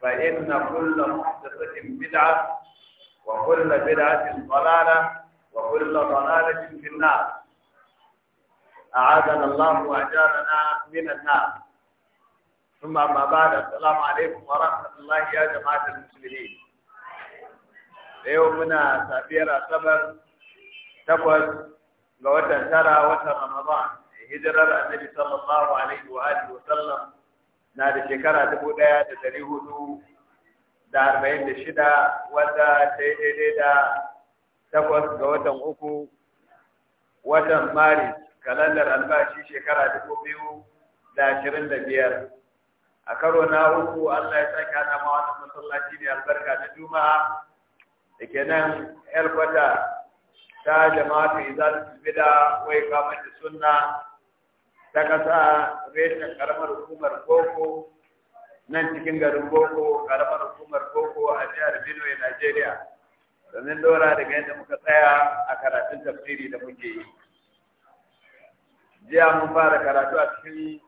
فإن كل محدثة بدعة وكل بدعة ضلالة وكل ضلالة في النار أعاذنا الله وأجارنا من النار ثم ما بعد السلام عليكم ورحمة الله يا جماعة المسلمين يومنا سابير أصبر تقول لو ترى وتر رمضان هجرة النبي صلى الله عليه وآله وسلم na da shekara dubu ɗaya da dari hudu da arba'in da shida wadda ta yi daidai da takwas ga watan uku watan maris kalandar albashi shekara dubu biyu da ashirin da biyar a karo na uku allah ya sake hana ma wani masallaci ne albarka na juma'a da ke nan yar kwata ta jama'a ta izalus bida wai kamar da sunna ta ƙasa reshen karamar hukumar Boko nan cikin garin Boko karamar hukumar Boko a jihar Benue nigeria domin dora daga yadda muka tsaya a karatun tafsiri da muke yi. Jiya mun fara karatu a cikin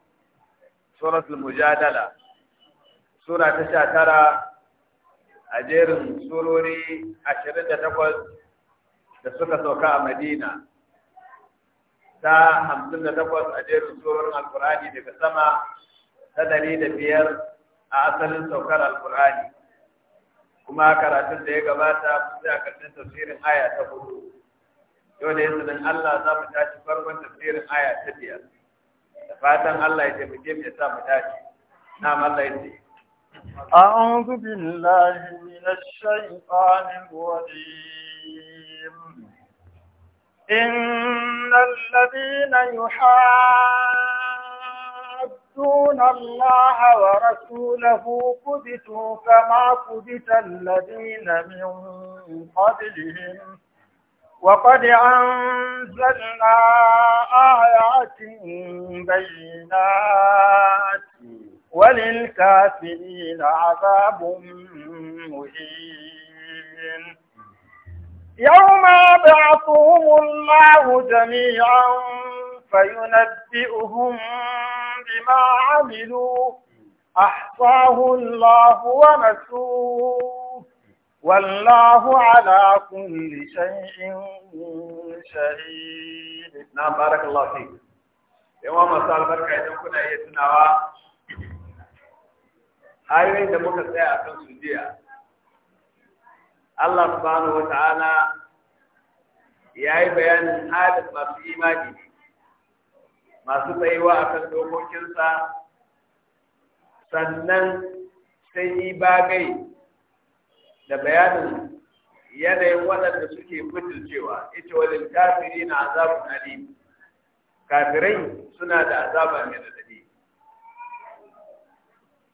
suratul mujadala sura ta sha tara a jerin surori ashirin da takwas da suka sauka a Madina. ta hamsin da takwas a jerin surorin alkur'ani daga sama ta dari da biyar a asalin saukar alkur'ani kuma karatun da ya gabata sai a karshen tafsirin aya ta hudu yau da yanzu Allah za mu tashi farkon tafsirin aya ta biyar da fatan Allah ya taimake mu ya sa mu tashi na Allah ya ce أعوذ بالله من الشيطان الرجيم إن الذين يحادون الله ورسوله كبتوا كما كبت الذين من قبلهم وقد أنزلنا آيات بينات وللكافرين عذاب مهين يوم يبعثهم الله جميعا فينبئهم بما عملوا أحصاه الله ونسوه والله على كل شيء شهيد نعم بارك الله فيك يوم ما صار بركة يوم كنا يتناوى ayoyin da muka tsaya a Allah subhanahu wata'ala ya yi bayanin halin masu imani masu tsayuwa a kan dokokinsa sannan sai yi bagai da bayanin yanayin waɗanda suke fitilcewa ita walil kafiri na azabun alim kafirai suna da azaba mai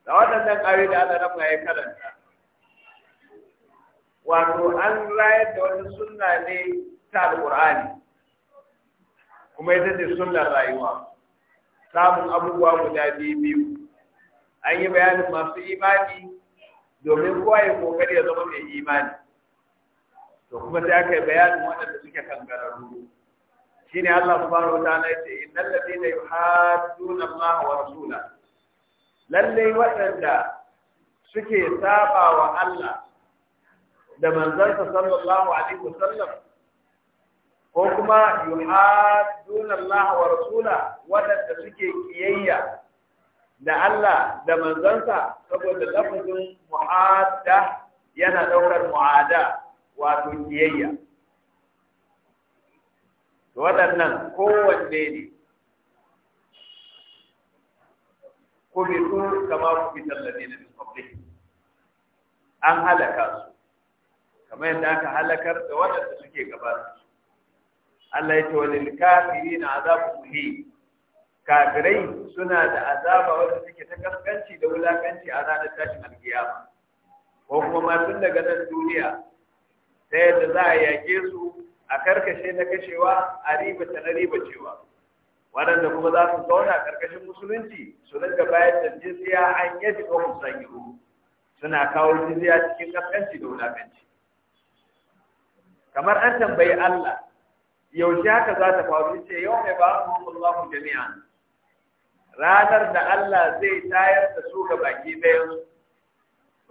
da waɗannan ƙari da ana na ya karanta wato an rayar da wani sunna ne ta alƙur'ani kuma ita ce sunnar rayuwa samun abubuwa guda biyu biyu an yi bayanin masu imani domin kowa ya kokari ya zama mai imani to kuma sai aka yi bayanin waɗanda suke kangararru shine Allah subhanahu wa ta'ala yace innal ladina yuhadduna Allah wa rasulahu lalle waɗanda suke saba wa Allah da manzansa sallallahu alaihi wasallam ko kuma yuhadduna Allah wa rasula wadanda suke kiyayya da Allah da manzansa saboda lafazin muhadda yana daukar muada wato kiyayya waɗannan kowanne ne ku kama kubitan ladina da qablihim an halaka su kamar yadda aka halakar da waɗanda suke gaba Allah ya ce walil kafirin azabun muhi kafirai suna da azaba wanda suke ta kaskanci da wulakanci a ranar tashin alkiyama ko kuma ma tun daga nan duniya ta yadda za a yake su a karkashe na kashewa a riba ta na riba cewa waɗanda kuma za su zauna a karkashin musulunci su rinka bayar da jizya an yadda ko musanyi suna kawo jizya cikin kaskanci da wulakanci kamar an tambayi Allah yaushe haka za ta faru ce yau mai ba su Allahu jami'a ranar da Allah zai tayar da su ga baki ɗaya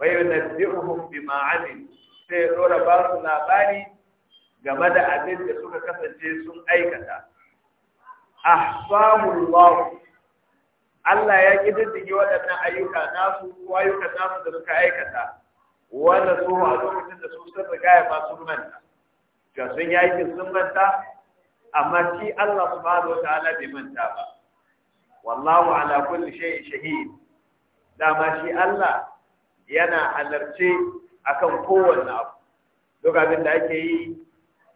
wa yunabbi'uhum bima 'amilu sai ya dora ba su labari game da abin da suka kasance sun aikata ahsamu Allah Allah ya kididdige waɗannan ayyuka nasu ko ayyukan nasu da suka aikata wanda su a lokacin da su sun riga ya masu manta ga sun sun manta amma shi Allah subhanahu wataala bai manta ba wallahu ala kulli shay'in shahid dama shi Allah yana halarce akan kowanne abu duk abin da ake yi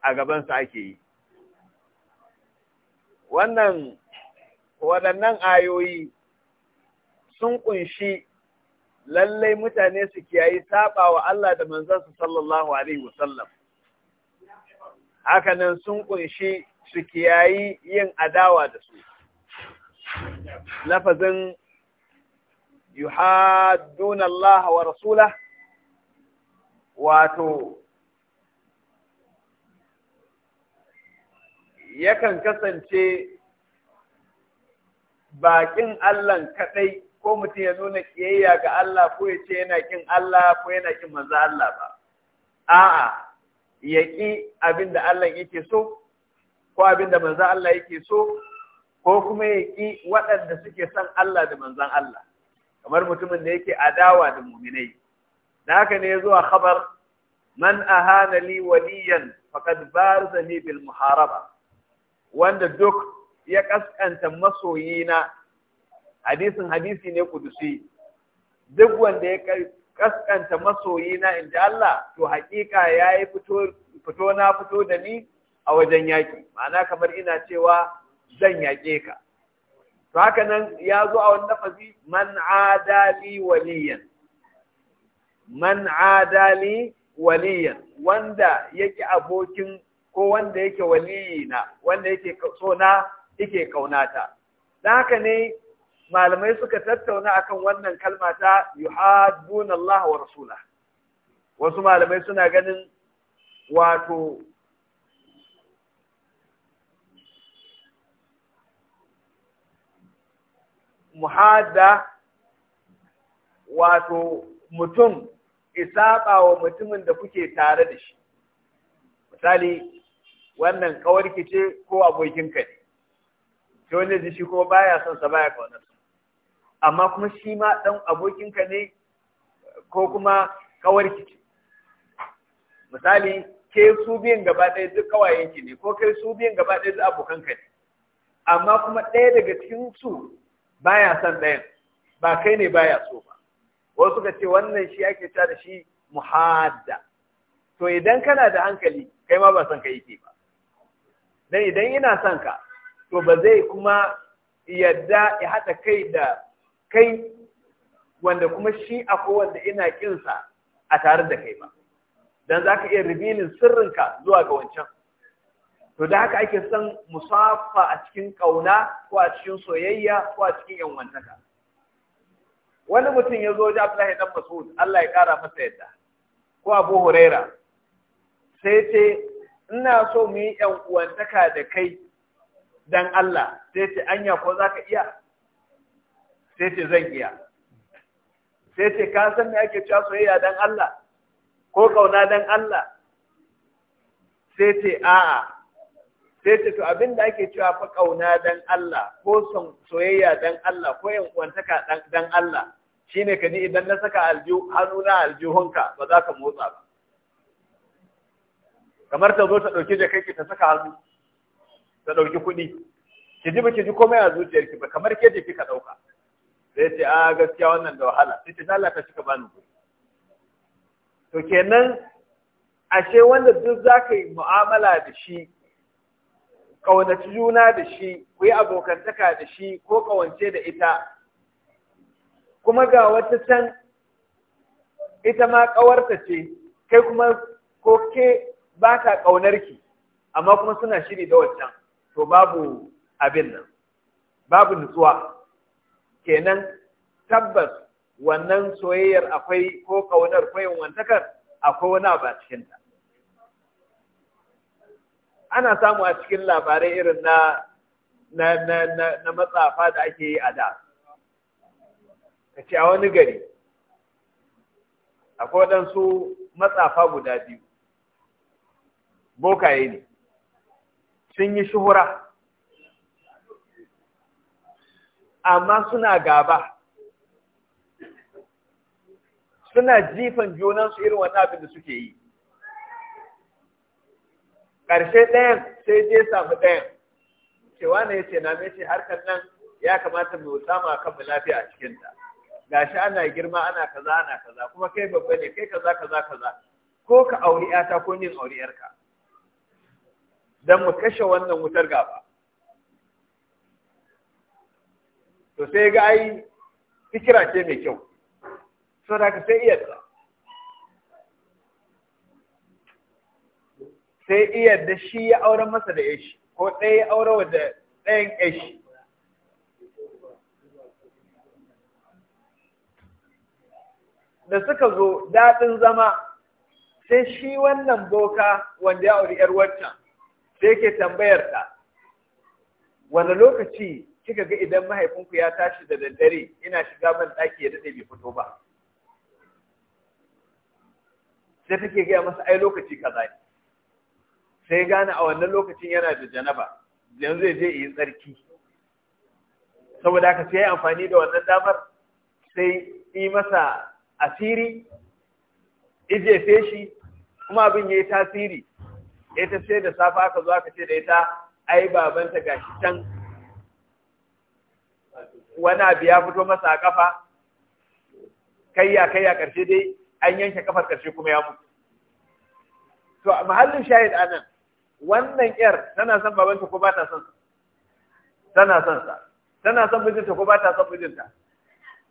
a gaban gabansa ake yi wannan waɗannan ayoyi sun kunshi lallai mutane su kiyayi saba wa Allah da manzansa sallallahu alaihi wasallam hakanan sun kunshi su kiyayi yin adawa da su lafazin yuhadduna Allah wa rasula wato yakan kasance bakin Allah kaɗai, ko mutum ya nuna kiyayya ga Allah ko ya ce yana kin Allah ko yana kin manzo Allah ba a'a ya ƙi abin da Allah yake so ko abin da manzan Allah yake so ko kuma ya ƙi waɗanda suke son Allah da manzan Allah kamar mutumin da yake adawa da muminai da haka ne zuwa khabar man ahana li waliyan faqad barzani bil muharaba wanda duk ya kaskanta masoyina hadisin hadisi ne kudusi duk wanda ya kaskanta masoyina in ji Allah to haƙiƙa ya yi fito na fito da ni a wajen yaƙi ma'ana kamar ina cewa zan yaƙe ka to haka nan ya zo a wani lafazi man adali waliyan man adali waliyan wanda yake abokin ko wanda yake waliyina wanda yake so na yake kaunata dan haka ne malamai suka tattauna akan wannan kalma ta yuhadduna wa rasula wasu malamai suna ganin wato muhadda wato mutum isaɓa wa mutumin da kuke tare da shi misali wannan kawarki ce ko abokinka ne ta wani shi kuma baya son sa baya kaunarsa amma kuma shi ma ɗan abokinka ne ko kuma ƙawarki ce misali ke su biyan gaba ɗaya duk ƙawayenki ne ko kai su biyan gaba ɗaya duk abokanka ne amma kuma ɗaya daga cikin su baya son ɗayan ba kai ne baya so ba wasu ka ce wannan shi ake ta da shi muhadda to idan kana da hankali kai ma ba son ka yake ba dan idan ina son ka to ba zai kuma yadda ya haɗa kai da kai wanda kuma shi a wanda ina kinsa a tare da kai ba dan zaka iya sirrin sirrinka zuwa ga wancan to da haka ake son musafa a cikin kauna ko a cikin soyayya ko a cikin yanwantaka wani mutum ya zo da Abdullahi dan Mas'ud Allah ya kara masa yadda ko Abu Huraira sai ce ina so mu yi yan uwantaka da kai dan Allah sai ce anya ko zaka iya sai ce zan iya sai ce ka san me ake cewa soyayya dan Allah ko kauna dan Allah sai ce a'a sai ce to abin da ake cewa fa kauna dan Allah ko son soyayya dan Allah ko kwantaka dan Allah shine ka ji idan na saka aljihu hannu na aljihunka ba za ka motsa ba kamar ta zo ta dauki jakanki ta saka hannu ta dauki kuɗi ki ji ba ki ji komai a zuciyarki ba kamar ke je kika dauka sai ce a ah, gaskiya wannan da wahala sai ce Allah ka cika bani ku to kenan ashe wanda duk zaka yi mu'amala da shi ƙaunaci juna da shi ku yi abokantaka da shi ko kawance da ita kuma ga wata can ita ma ƙawarta ce kai kuma ko ke ba ka ƙaunarki amma kuma suna shiri da waccan to babu abin nan babu nutsuwa kenan tabbas wannan soyayyar akwai ko kaunar kwayin wantakar akwai wani abu a cikinta ana samu a cikin labarai irin na na na na, na matsafa da ake yi a da ka a wani gari akwai waɗansu matsafa guda biyu bokaye ne sun yi shuhura amma suna gaba suna jifan junansu irin wani abin da suke yi ƙarshe ɗayan sai je samu ɗayan cewa na ya ce na ce harkar nan ya kamata mu samu a kanmu lafiya a cikinta shi ana girma ana kaza ana kaza kuma kai babba ne kai kaza kaza kaza ko ka auri 'yata ko yin auri 'yarka don mu kashe wannan wutar gaba to sai ga ai fikira ce mai kyau so da ka sai iya da sai iya da shi ya auren masa da eshi, ko ɗaya ya aure wa da ɗayan yashi da suka zo daɗin zama sai shi wannan boka wanda ya auri 'yar wancan sai ke tambayar ta wani lokaci kika ga idan mahaifinku ya tashi da daddare ina shiga ban ɗaki ya daɗe bai fito ba sai take gaya masa ai lokaci kaza ne sai gane a wannan lokacin yana da janaba yanzu zai je yi tsarki saboda haka sai amfani da wannan damar sai yi masa asiri ijefe shi kuma abin ya yi tasiri ita sai da safa aka zo aka ce da ita ai babanta gashi can wani abu ya fito masa a kafa kai ya karshe dai an yanke kafar karshe kuma ya mutu to a mahallin shahid anan wannan yar tana son babanta ko ba ta son tana son sa tana son mijinta ko ba ta son mijinta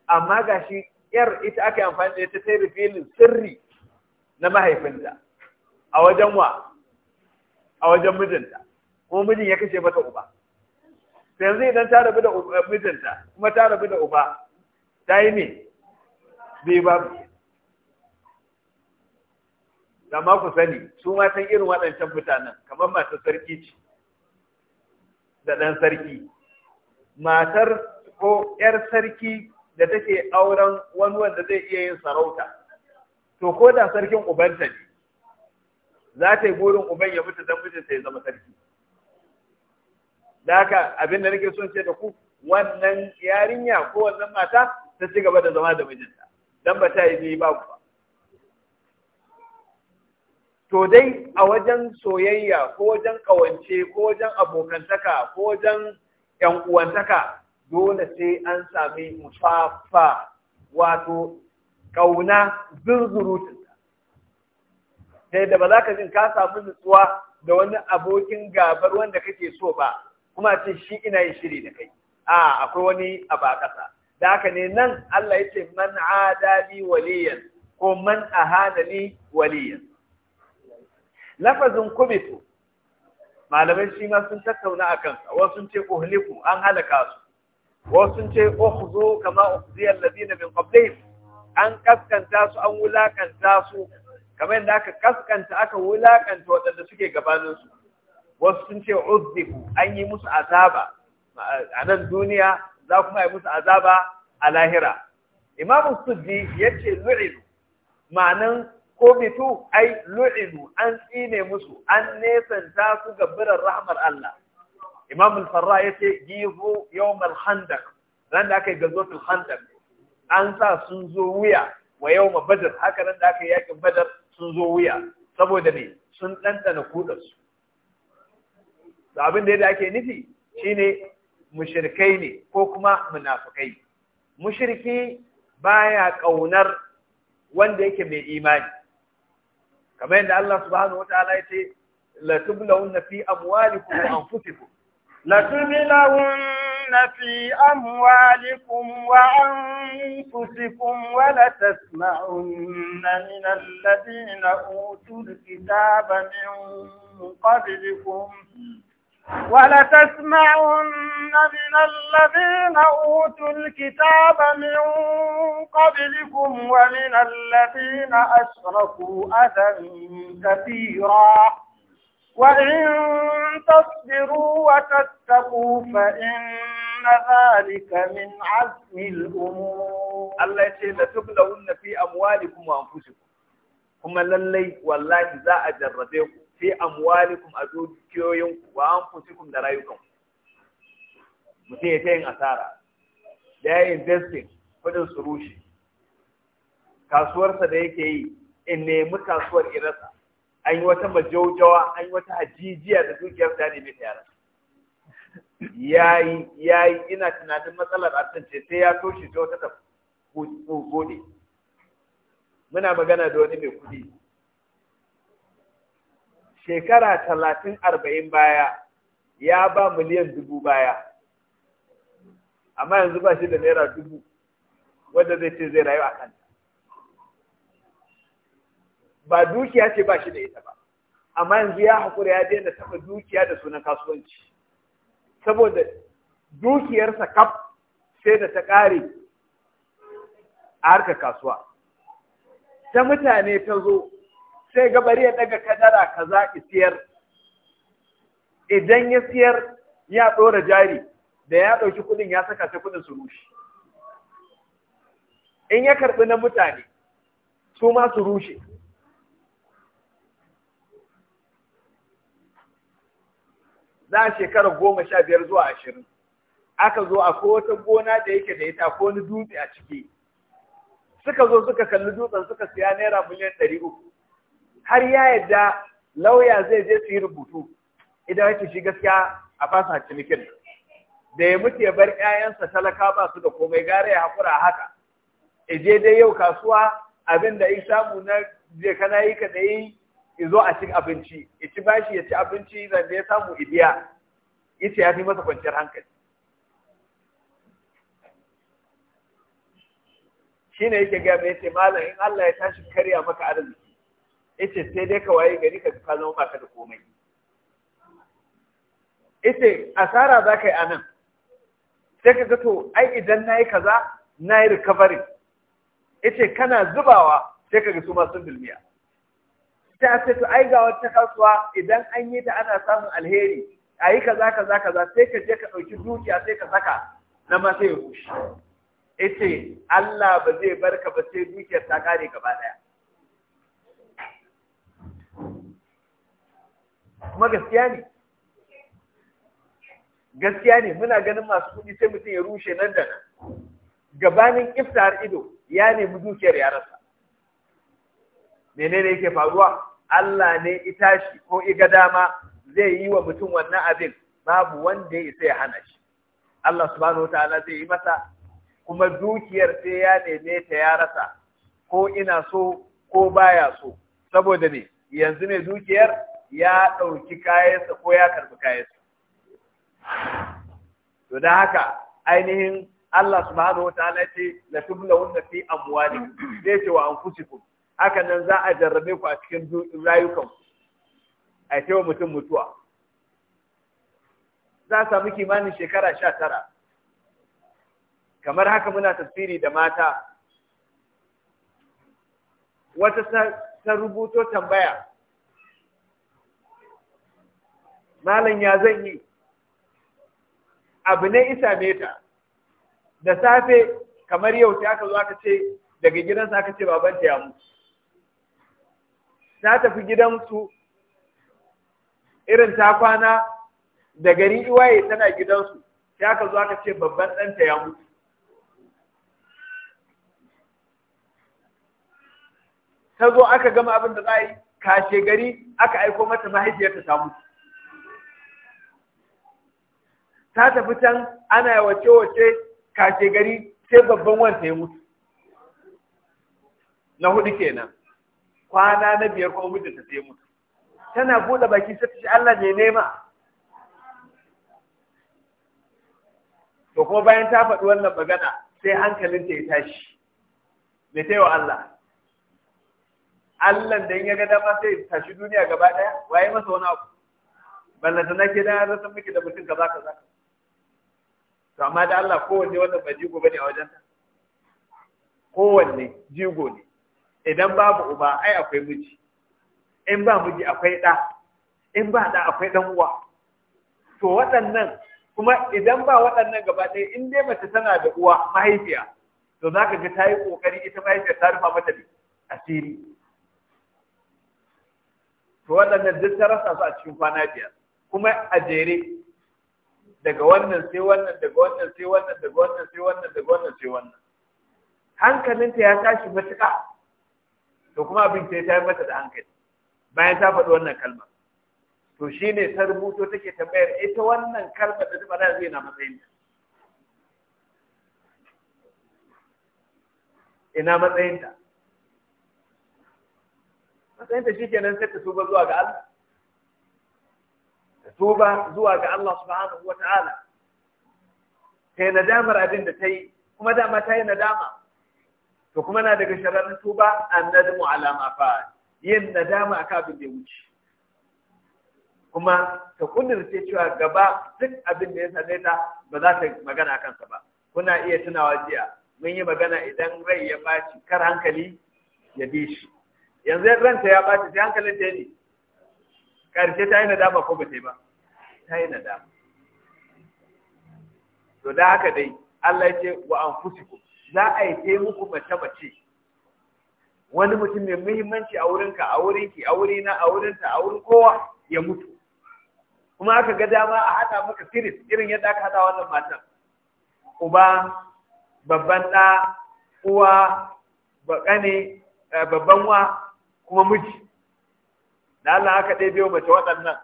amma gashi yar ita aka yi amfani da ita ta yi filin sirri na mahaifinta a wajen wa a wajen mijinta ko mijin ya kashe mata uba yanzu idan ta rabu da eh, mijinta kuma ta rabu da uba ta yi ne bai ba amma ku sani su ma san irin waɗancan mutanen kamar masu sarki ce da ɗan sarki matar ko 'yar sarki da take auren wani wanda zai iya yin sarauta to ko da sarkin ubanta ne za ta yi burin uban ya mutu don mijinta ya zama sarki da haka abin nake son ce da ku wannan yarinya ko wannan mata ta ci gaba da zama da mijinta dan ba ta yi ba ku to dai a wajen soyayya ko wajen kawance ko wajen abokantaka ko wajen yan uwantaka dole sai an sami musafa wato kauna zunzurutun ta da ba za ka jin ka samu nutsuwa da wani abokin gabar wanda kake so ba kuma ce shi ina yin shiri da kai a akwai wani abakasa. da haka ne nan Allah ya ce man adali waliyan ko man ahanali waliyan lafazin kubitu malamai shi ma sun tattauna a kansa wasu sun ce uhliku an halaka su wasu sun ce uhzu kama uhziyal ladina min qablihim an kaskanta su an wulakanta su kamar yadda aka kaskanta aka wulakanta waɗanda suke gabanin su wasu sun ce uzzibu an yi musu azaba a nan duniya za kuma yi musu azaba a lahira imamu suddi ya ce lu'inu ma'anan ko bitu ai lu'inu an tsine musu an nesanta su ga biran rahmar Allah imamu farra ya ce gizo yawmal khandaq ran da aka yi gazotul khandaq an sa sun zo wuya wa yawma badar haka randa da aka yi yakin badar sun zo wuya saboda ne sun ɗanɗana kudarsu to abin da ake nufi shine mushrikai ne ko kuma munafukai mushriki baya kaunar wanda yake mai imani kamar yadda Allah subhanahu wataala ya ce la tublawunna fi amwalikum wa anfusikum la tublawunna fi amwalikum wa anfusikum wa la tasma'unna min alladhina utul kitaba min qablikum ولتسمعن من الذين أوتوا الكتاب من قبلكم ومن الذين أشركوا أذى كثيرا وإن تصبروا وتتقوا فإن ذلك من عزم الأمور الله يقول لتبلغن في أموالكم وأنفسكم هم للي والله إذا أجرتكم fi amwalikum a dukiyoyinku wa fusikum da rayukanku mutum ya ta yin asara da ya investing kudin su rushe kasuwarsa da yake yi in nemi kasuwar irasa an yi wata majaujawa an yi wata hajijiya da dukiyar da ne mai yara yayi yayi ina tunanin matsalar asance sai ya toshe ta wata gode muna magana da wani mai kudi shekara talatin arba'in baya ya ba miliyan dubu baya amma yanzu ba shi da naira dubu wanda zai ce zai rayu a kanta ba dukiya ce ba shi da ita ba amma yanzu ya haƙura ya daina taɓa dukiya da sunan kasuwanci saboda dukiyarsa kaf sai da ta ƙare a harkar kasuwa ta mutane ta zo sai ga bari ya daga kadara ki isiyar idan ya siyar ya ɗora jari da ya ɗauki kuɗin ya saka sai kuɗin su rushe in ya karbi na mutane su ma su rushe za a shekarar goma sha biyar zuwa ashirin aka zo a wata gona da yake da ita ko wani dutse a ciki suka zo suka kalli dutsen suka siya naira miliyan ɗari uku har ya yadda lauya zai je su yi rubutu idan yake shi gaskiya a fasa cinikin da ya mutu ya bar ƴaƴansa talaka ba su da komai gara ya hakura haka je dai yau kasuwa abin da ya samu na je kana yi ka da yi zo a cin abinci ya ci bashi ya ci abinci da ya samu idiya ce ya fi masa kwanciyar hankali shine yake ga mai ce malam in Allah ya tashi karya maka arziki ita sai dai ka waye gari ka ka zama baka da komai ita asara za ka yi a nan sai ka gato ai idan na yi kaza na yi recovery ita kana zubawa sai ka ga su ma sun dulmiya ta sai to ai ga wata kasuwa idan an yi ta ana samun alheri a yi kaza kaza kaza sai ka je ka ɗauki dukiya sai ka saka na ma sai ya rushe ita Allah ba zai barka ba sai dukiyar ta kare gaba ɗaya kuma gaskiya ne gaskiya ne muna ganin masu kuɗi sai mutum ya rushe nan da nan gabanin iftar ido ya nemi dukiyar ya rasa menene yake faruwa Allah ne itashi ko iga dama zai yi wa mutum wannan abin babu wanda ya isa ya hana shi Allah subhanahu wataala zai yi masa kuma dukiyar sai ya neme ta ya rasa ko ina so ko baya so saboda ne yanzu ne dukiyar ya ɗauki kayansa ko ya karɓi kayansa to da haka ainihin Allah wata ala ce na tubula wanda fi ne, zai ce wa ku, hakan nan za a jarrabe ku a cikin rayukan a yi wa mutum mutuwa za a samu kimanin shekara sha tara kamar haka muna tafsiri da mata wata ta rubuto tambaya malam ya zan yi abu ne isa meta da safe kamar yau sai aka zo aka ce daga gidansa aka ce babanta ya mutu ta tafi gidansu irin ta kwana da gari iwaye tana gidansu sai aka zo aka ce babban ɗanta ya mutu ta zo aka gama abin da za a yi kashe gari aka aiko mata mahaifiyarta ta mutu ta tafi can ana wace-wace kashe gari sai babban wanta ya mutu na hudu kenan kwana na biyar kuma mijinta sai mutu tana buɗe baki sai ta ce Allah ne nema to kuma bayan ta faɗi wannan magana sai ta ya tashi me ta yi wa Allah Allah da ya ga dama sai tashi duniya gaba ɗaya waye masa wani abu ballanta na ke da ya rasa miki da mutum kaza kaza to amma da Allah kowanne wanda ba jigo bane a wajen kowanne jigo ne idan babu uba ai akwai miji in ba miji akwai ɗa in ba ɗa akwai ɗan uwa to waɗannan kuma idan ba waɗannan gaba ɗaya in dai mace tana da uwa mahaifiya to za ka ji ta yi ƙoƙari ita mahaifiyar ta rufa mata asiri to waɗannan duk ta rasa su a cikin kwana biyar kuma a jere daga wannan sai wannan daga wannan sai wannan daga wannan sai wannan daga wannan sai wannan hankalinta ya tashi matuƙa to kuma abin ta yi mata da hankali bayan ta faɗi wannan kalmar to shi ne ta rubuto take tambayar ita wannan kalmar da ta faɗa zai na matsayin ta ina matsayin ta matsayin ta kenan sai ta tuba zuwa ga Allah tuba zuwa ga Allah subhanahu wa ta'ala ta yi nadamar abin da ta yi kuma dama ta yi nadama to kuma na daga shararin tuba an nadamu alama fa yin nadama a kabin da ya wuce kuma ta ce cewa gaba duk abin da ya same ta ba za ta magana kansa ba kuna iya tunawa jiya mun yi magana idan rai ya baci kar hankali ya bi shi yanzu ranta ya baci sai hankalin ta ne karshe ta yi nadama ko ba ta yi ba ta yi nadama to da haka dai Allah ya ce wa anfusikum za a yi ta muku mace mace wani mutum mai muhimmanci a wurinka a wurinki a wurina a wurinta a wurin kowa ya mutu kuma aka ga dama a haɗa maka siris irin yadda aka haɗa wannan matan uba babban ɗa uwa bakane eh, babban wa kuma miji da Allah aka ɗaya biyo mace waɗannan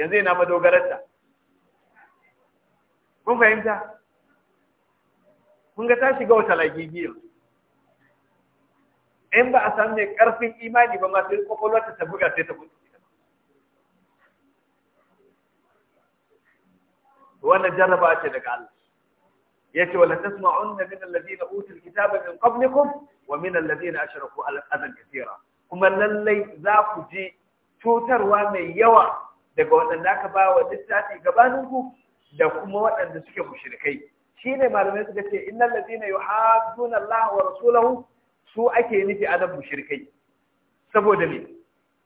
yanzu yana madogararta kun fahimta kun ga ta shiga wata lagigiyo. in ba a san mai karfin imani ba masu yin ƙwaƙwalwar ta buga sai ta mutu wannan jarraba ce daga Allah Ya yace wala na min alladhina utul ba min qablikum wa min na ashraku ko al'adar kasira. kuma lallai za ku ji cutarwa mai yawa daga waɗanda aka ba wa littafi gabaninku da kuma waɗanda suke mushrikai shine malamai suka ce innal ladina yuhadduna Allah wa rasulahu su ake nufi a nan mushrikai saboda me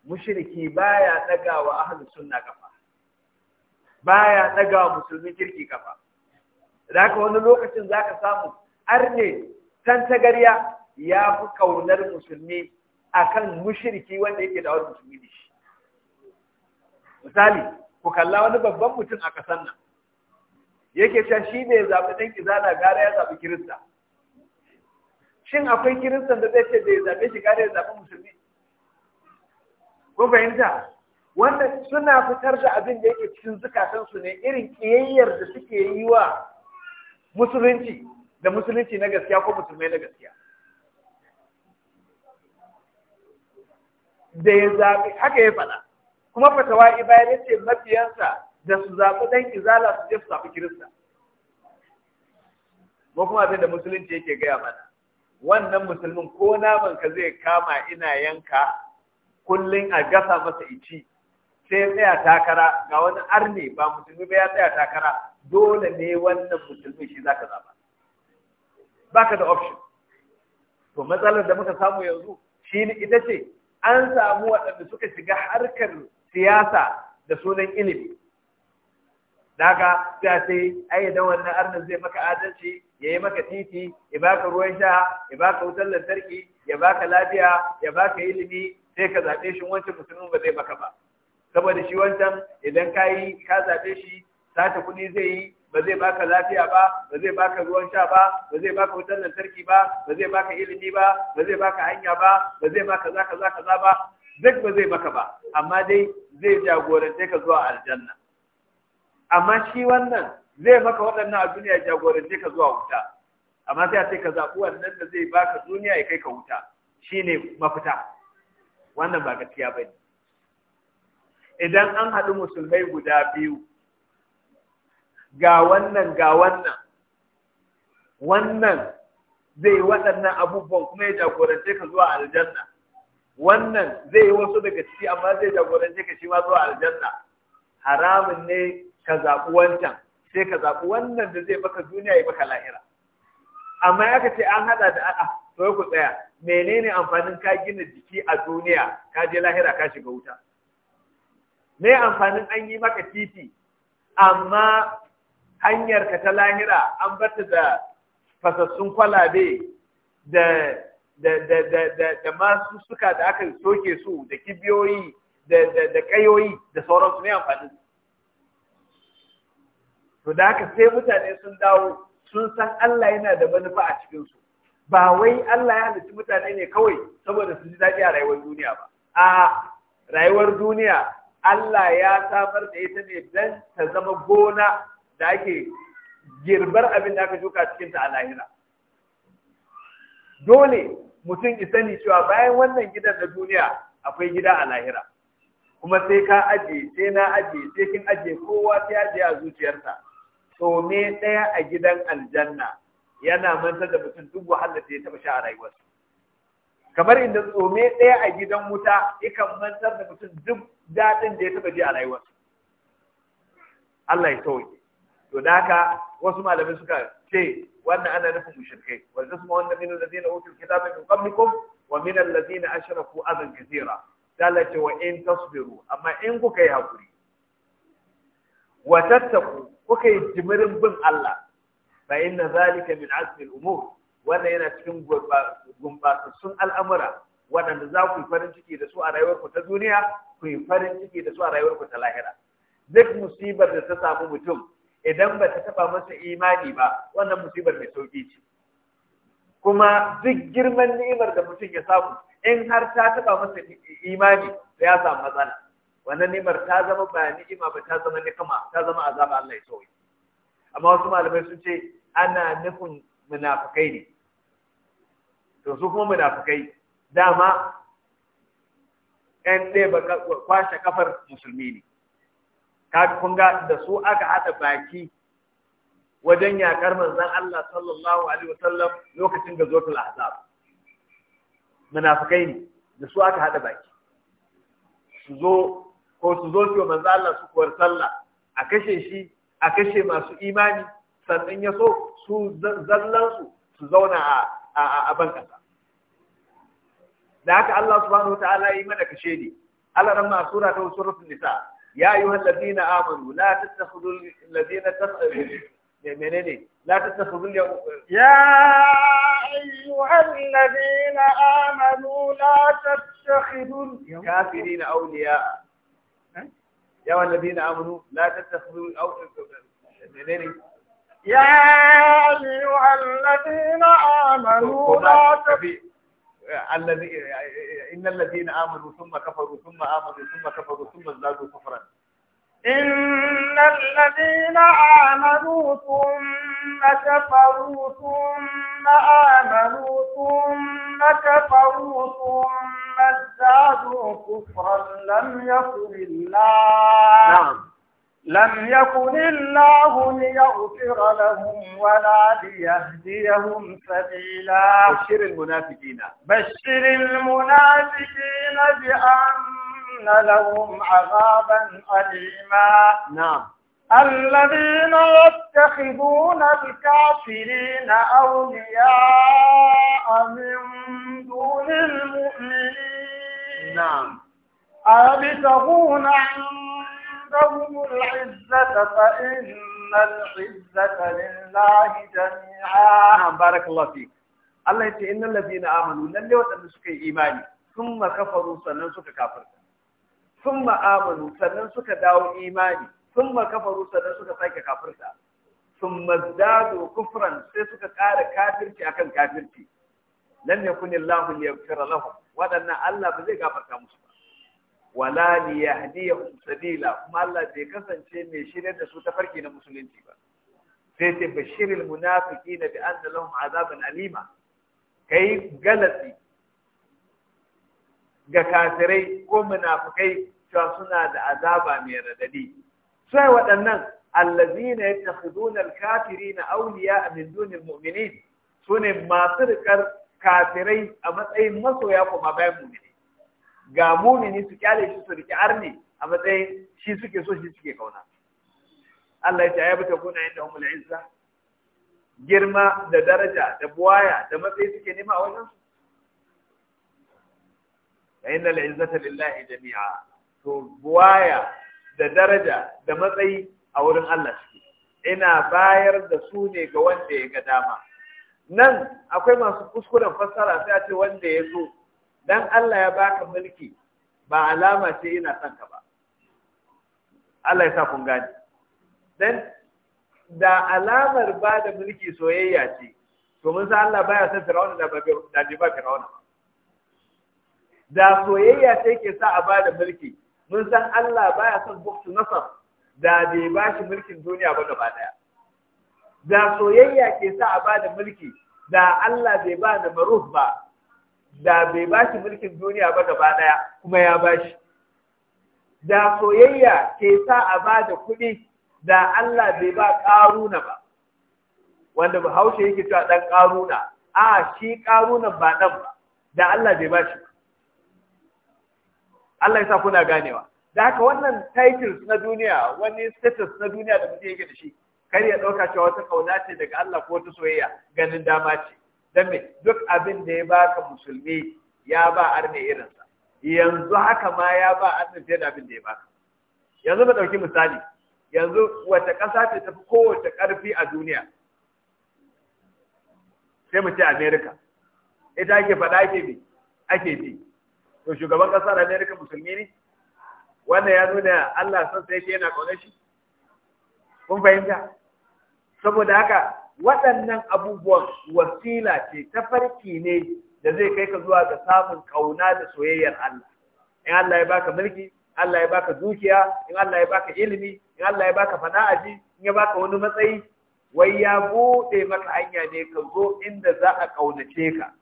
mushriki baya dagawa ahlus sunna kafa baya dagawa musulmi kirki kafa zaka wani lokacin zaka samu arne gariya ya fi kaunar musulmi akan mushiriki wanda yake da musulmi da shi misali ku kalla wani babban mutum a ƙasar nan yake cewa shi ne zaɓi ɗan izala gara ya zaɓi kirista shin akwai kiristan da zai ce bai zaɓe shi gara ya zaɓi musulmi ko fahimta wannan suna fitar da abin da yake cikin zukatansu ne irin ƙiyayyar da suke yi wa musulunci da musulunci na gaskiya ko musulmai na gaskiya da ya zaɓi haka ya faɗa kuma fatawa ibayar ya ce mafiyansa da su zaɓi ɗan izala su je su zaɓi kirista ko kuma abin da musulunci yake gaya mana wannan musulmin ko naman ka zai kama ina yanka kullum a gasa masa ici sai ya tsaya takara ga wani arne ba musulmi ba ya tsaya takara dole ne wannan musulmin shi zaka Ba baka da option to matsalar da muka samu yanzu shi ita ce an samu waɗanda suka shiga harkar siyasa da sunan ilimi daga sai a ce da wannan arnan zai maka adalci ya yi maka titi ya baka ruwan sha ya baka wutar lantarki ya baka lafiya ya baka ilimi sai ka zaɓe shi wancan musulmin ba zai maka ba saboda shi wancan idan ka yi ka zabe shi sata kuɗi zai yi ba zai baka lafiya ba ba zai baka ruwan sha ba ba zai baka wutar lantarki ba ba zai baka ilimi ba ba zai baka hanya ba ba zai baka za kaza kaza ba duk ba zai maka ba amma dai zai jagorance ka zuwa aljanna amma shi wannan zai maka waɗannan a duniya jagorance ka zuwa wuta amma sai a ce ka zaɓi wannan da zai baka duniya ya kai ka wuta Shi ne mafita wannan ba gaskiya ba ne idan an haɗu musulmai guda biyu ga wannan ga wannan wannan zai waɗannan abubuwan kuma ya jagorance ka zuwa aljanna wannan zai yi wasu daga ciki amma zai jagorance ka shi ma zuwa aljanna haramun ne ka zaɓi wancan sai ka zaɓi wannan da zai baka duniya ya baka lahira amma ya ce an haɗa da a'a to ku tsaya menene amfanin ka gina jiki a duniya ka je lahira ka shiga wuta me amfanin an yi maka titi amma hanyar ka ta lahira an bata da fasassun kwalabe da da masu suka da aka soke su da kibiyoyi da kayoyi da sauransu ne amfani to da haka sai mutane sun dawo sun san Allah yana da manufa a cikinsu ba wai Allah ya halitta mutane ne kawai saboda su ji daɗi a rayuwar duniya ba a rayuwar duniya Allah ya samar da ita ne don ta zama gona da ake girbar abin da aka shuka cikinta a lahira dole mutum ya sani cewa bayan wannan gidan na duniya akwai gida a lahira kuma sai ka ajiye sai na ajiye sai kin ajiye kowa sai ajiye a zuciyarsa to me ɗaya a gidan aljanna yana mantar da mutum duk wahalar da ya taɓa sha a rayuwarsa kamar inda tsome ɗaya a gidan wuta yakan mantar da mutum duk daɗin da ya taɓa ji a rayuwarsa Allah ya sauke to da haka wasu malamai suka ce wannan ana nufin mushrikai wal tasma wanda min alladhina utul kitaba min qablikum wa min alladhina ashraku adan kathira dalata wa in tasbiru amma in kuka yi hakuri wa tattaku kuka yi jimirin bin Allah fa inna zalika min azmi al-umur wannan yana cikin gumbatassun al'amura waɗanda za ku yi farin ciki da su a rayuwarku ta duniya ku yi farin ciki da su a rayuwarku ta lahira duk musibar da ta samu mutum idan ba ta taba masa imani ba wannan musibar mai sauki ce kuma duk girman ni'imar da mutum ya samu in har ta taba masa imani ya samu matsala wannan ni'imar ta zama ba ni'ima ba ta zama nikama ta zama azaba Allah ya sauki amma wasu malamai sun ce ana nufin munafikai ne to su kuma munafikai dama ɗan ɗaya ba kwashe kafar musulmi ne kaga kun ga da su aka hada baki wajen yakar manzon Allah sallallahu alaihi wasallam lokacin zotul azab munafikai ne da su aka hada baki su zo ko su zo su manzon Allah su kuwar sallah a kashe shi a kashe masu imani sannan ya so su zallansu su zauna a ban kasa da haka Allah subhanahu wa ta'ala yi mana kashe ne Allah ran ma sura ta suratul nisa يا أيها الذين آمنوا لا تتخذوا الذين منين لا تتخذوا يا أيها الذين آمنوا لا تتخذوا الكافرين أولياء يا أيها الذين آمنوا لا تتخذوا منين يا أيها الذين آمنوا لا تتخذوا الذي إن الذين آمنوا ثم كفروا ثم آمنوا ثم كفروا ثم ازدادوا كفرا إن الذين آمنوا ثم كفروا ثم آمنوا ثم كفروا ثم ازدادوا كفرا لم يكن الله نعم لم يكن الله ليغفر لهم ولا ليهديهم سبيلا بشر المنافقين بشر المنافقين بأن لهم عذابا أليما نعم الذين يتخذون الكافرين أولياء من دون المؤمنين نعم أبتغون عند تبتغوا العزة فإن العزة لله جميعا نعم بارك الله فيك الله يتي إن الذين آمنوا لن يوتن سكي إيماني ثم كفروا سنن سكي كافر ثم آمنوا سنن سكي داو إيماني ثم كفروا سنن سكي سايك كافر ثم ازدادوا كفرا سيسك قال كافر أكن كافر لن يكون الله ليغفر لهم ودنا الله بزي كافر كمسلم wala li yahdiyahum sabila kuma Allah bai kasance mai shiryar da su ta farki na musulunci ba sai ce bashiril na bi anna lahum azaban alima kai galati ga kafirai ko munafikai cewa suna da azaba mai radadi sai waɗannan allazina yattakhiduna alkafirina awliya min dunil mu'minin sune masu rikar kafirai a matsayin masoya kuma bayan mu'mini ga mumini su kyale shi su riki arni a matsayin shi suke so shi suke kauna Allah ya ce ayyaba ta kuna inda humul izza girma da daraja da buwaya da matsayi suke nema a wajen su Ga inna al izzata lillahi jami'a to buwaya da daraja da matsayi a wurin Allah suke ina bayar da su ne ga wanda ya ga dama nan akwai masu kuskuren fassara sai a ce wanda ya zo. dan Allah ya baka mulki ba alama ce ina son ka ba Allah ya sa kun gane dan da alamar ba da mulki soyayya ce to mun san Allah baya son Fir'auna da da bai ba da soyayya ce ke sa a ba da mulki mun san Allah baya son na nasar da bai ba shi mulkin duniya ba gaba daya da soyayya ke sa a ba da mulki da Allah bai ba da Maruf ba da bai ba shi mulkin duniya ba gaba ɗaya kuma ya ba shi da soyayya ke sa a ba da kuɗi da Allah bai ba ƙaruna ba wanda bahaushe yake cewa ɗan ƙaruna a shi ƙarunan ba ɗan ba da Allah bai ba shi Allah ya sa kuna ganewa da haka wannan titles na duniya wani status na duniya da mutum yake da shi kar ya ɗauka cewa wata kauna ce daga Allah ko wata soyayya ganin dama ce don me duk abin da ya baka musulmi ya ba arne irinsa yanzu haka ma ya ba arne fiye da abin da ya baka yanzu mu ɗauki misali yanzu wata ƙasa ce tafi kowace ƙarfi a duniya sai mu ce america ita ake faɗa ake bi ake bi to shugaban ƙasar america musulmi ne wannan ya nuna allah san sai yana ƙaunar shi kun fahimta saboda haka waɗannan abubuwan wasila ce ta farki ne da zai kai ka zuwa ga samun ƙauna da soyayyar Allah in Allah ya baka mulki Allah ya baka dukiya in Allah ya baka ilimi in Allah ya baka fana'aji in ya baka wani matsayi wai ya buɗe maka hanya ne ka zo inda za a ƙaunace ka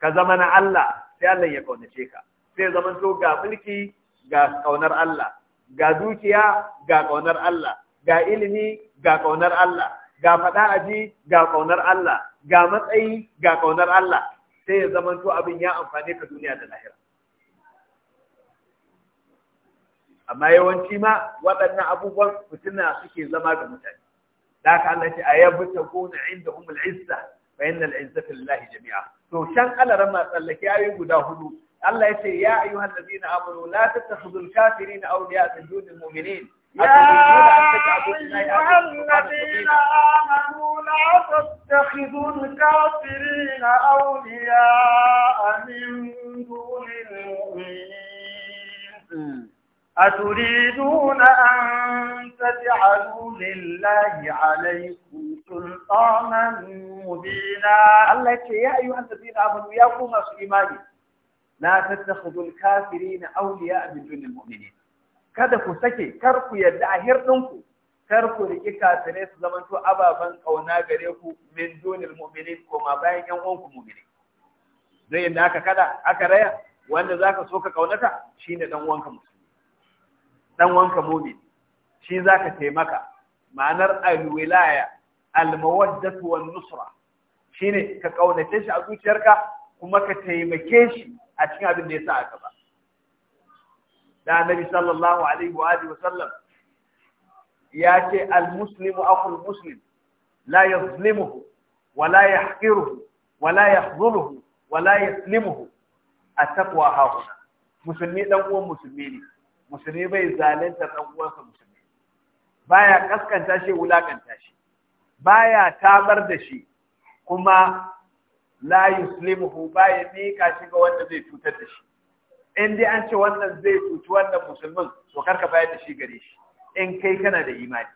ka zama na Allah sai Allah ya ƙaunace ka sai zaman to ga mulki ga ƙaunar Allah ga dukiya ga ƙaunar Allah ga ilimi ga ƙaunar Allah ga faɗa a ji ga ƙaunar Allah ga matsayi ga ƙaunar Allah sai ya zama to abin ya amfane ka duniya da lahira amma yawanci ma waɗannan abubuwan fitina suke zama ga mutane da ka Allah ce ayyabu ta kuna inda humul izza fa inna al jami'a to shan alaran ma tsallake ayoyi guda hudu Allah ya ce ya ayyuhal ladina amanu la tattakhudul kafirina awliya a dunil mu'minin يا أيها الذين آمنوا لا تتخذوا الكافرين أولياء من دون المؤمنين أتريدون أن تجعلوا لله عليكم سلطانا مبينا الله يا أيها الذين آمنوا يا قوم إيماني لا تتخذوا الكافرين أولياء من دون المؤمنين kada ku sake kar ku yarda a hirɗinku kar ku riƙi kafirai su zamanto ababen ƙauna gare ku min dunil mu'minin ko ma bayan ƴan uwanku mu'minin zai yadda aka kada aka raya wanda zaka so ka ƙaunata shine dan uwanka musulmi dan uwanka mu'min shi zaka taimaka ma'anar alwilaya almawaddatu wan nusra shine ka ƙaunace shi a zuciyarka kuma ka taimake shi a cikin abin da ya sa aka ba. da annabi sallallahu alaihi wa sallam wasallam ya ce al-muslimu akhul muslim la yazlimuhu wa la yahqiruhu wa la yahdhuluhu wa la yaslimuhu at-taqwa hauna musulmi dan uwan musulmi ne musulmi bai zalunta dan uwansa musulmi baya kaskanta shi wulakanta shi baya tabar da shi kuma la yuslimuhu baya mika shi ga wanda zai cutar da shi in dai an ce wannan zai cuci wannan musulmin to karka bayar da shi gare shi in kai kana da imani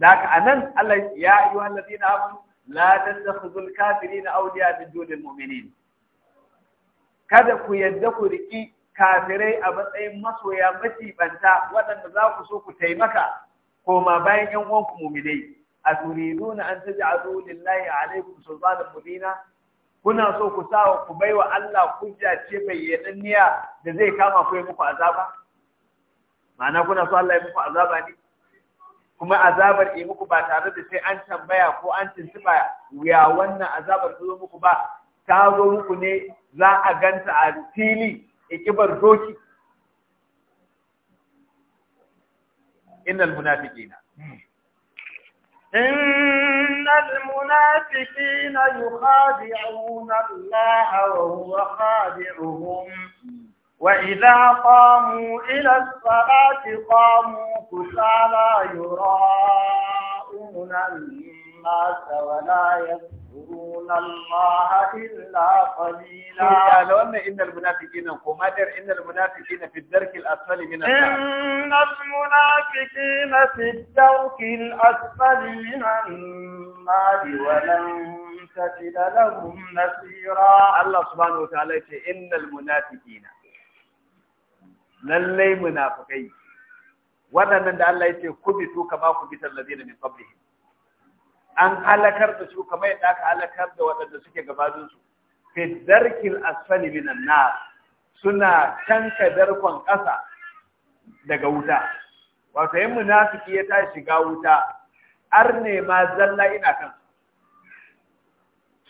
da haka anan Allah ya yi wa na amanu la tattakhudul na awliya da dunil mu'minin kada ku yadda ku riki kafirai a matsayin masoya macibanta waɗanda za ku so ku taimaka koma bayan yan uwanku mu'minai aturiduna an taj'alu lillahi alaykum sultanan mubina kuna so ku sa ku baiwa Allah Kujja ce mai da zai kama ku yi muku azaba ma'ana kuna so Allah ya muku azaba ne kuma azabar yi muku ba tare da sai an tambaya ko an tuntuba ya wannan azabar ta zo muku ba ta zo muku ne za a ganta a fili ikibar doki innal munafiqina إن المنافقين يخادعون الله وهو خادعهم وإذا قاموا إلى الصلاة قاموا كسالى يراءون الناس ولا يذكرون يذكرون الله إلا قليلا قالوا أن إن المنافقين كما در إن المنافقين في الدرك الأسفل من النار إن المنافقين في الدرك الأسفل من النار ولن تجد لهم نصيرا الله سبحانه وتعالى إن المنافقين lallai munafikai waɗannan da Allah ya ce kubitu kama kubitar ladina min qablihim an halakar da su kamar yadda aka halakar da waɗanda suke gabaninsu fi darkil asfali minan suna canka darkon ƙasa daga wuta wato yin munafiki ya ta shiga wuta ar ne ma zalla ina kan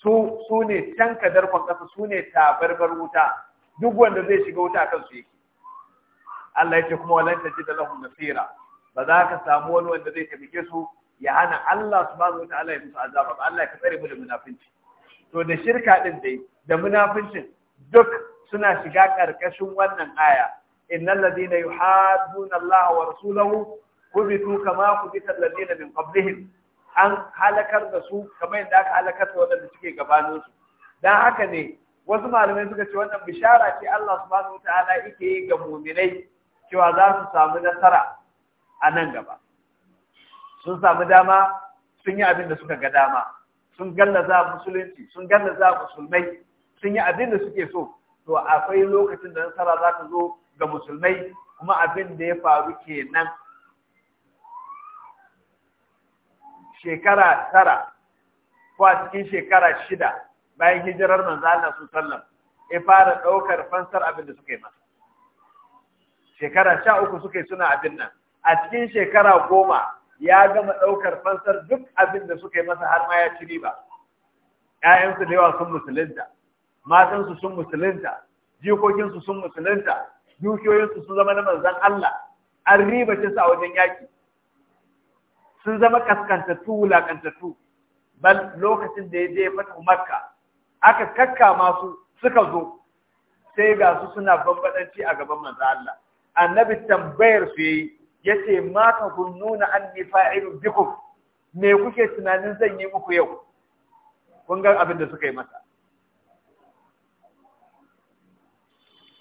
su su ne canka darkon ƙasa su ne tabarbar wuta duk wanda zai shiga wuta kan su yake Allah ya ce kuma ji da lahum nasira ba za ka samu wani wanda zai taimake su ya hana Allah subhanahu wa ta'ala ya musu azaba ba Allah ka tsare mu da munafinci to da shirka ɗin dai da munafincin duk suna shiga karkashin wannan aya innal ladina yuhadduna Allah wa rasulahu kubitu kama kubita alladina min qablihim an halakar da su kamar yadda aka halakar da waɗanda suke gabanin su dan haka ne wasu malamai suka ce wannan bishara ce Allah subhanahu wa ta'ala yake yi ga mu'minai cewa za su samu nasara a nan gaba sun samu dama sun yi abin da suka ga dama sun gallaza musulunci sun gallaza musulmai sun yi abin da suke so to akwai lokacin da nasara za ta zo ga musulmai kuma abin da ya faru kenan shekara tara ko a cikin shekara shida bayan hijirar manzo Allah su sallam ya fara ɗaukar fansar abin da suka yi masa shekara sha uku suka yi suna abin nan a cikin shekara goma ya gama ɗaukar fansar duk abin da suka yi masa har ma ya ci riba ƴaƴansu da yawa sun musulunta matansu sun musulunta jikokinsu sun musulunta dukiyoyinsu sun zama na manzan Allah an riba su a wajen yaki sun zama kaskantattu wulakantattu bal lokacin da ya je fata makka aka kakka masu suka zo sai ga su suna bambaɗanci a gaban manzan Allah annabi tambayar su yayi Ya yace kun nuna nuna annifa fa'ilu bikum me kuke tunanin zan yi muku yau ƙungar abin da suka yi masa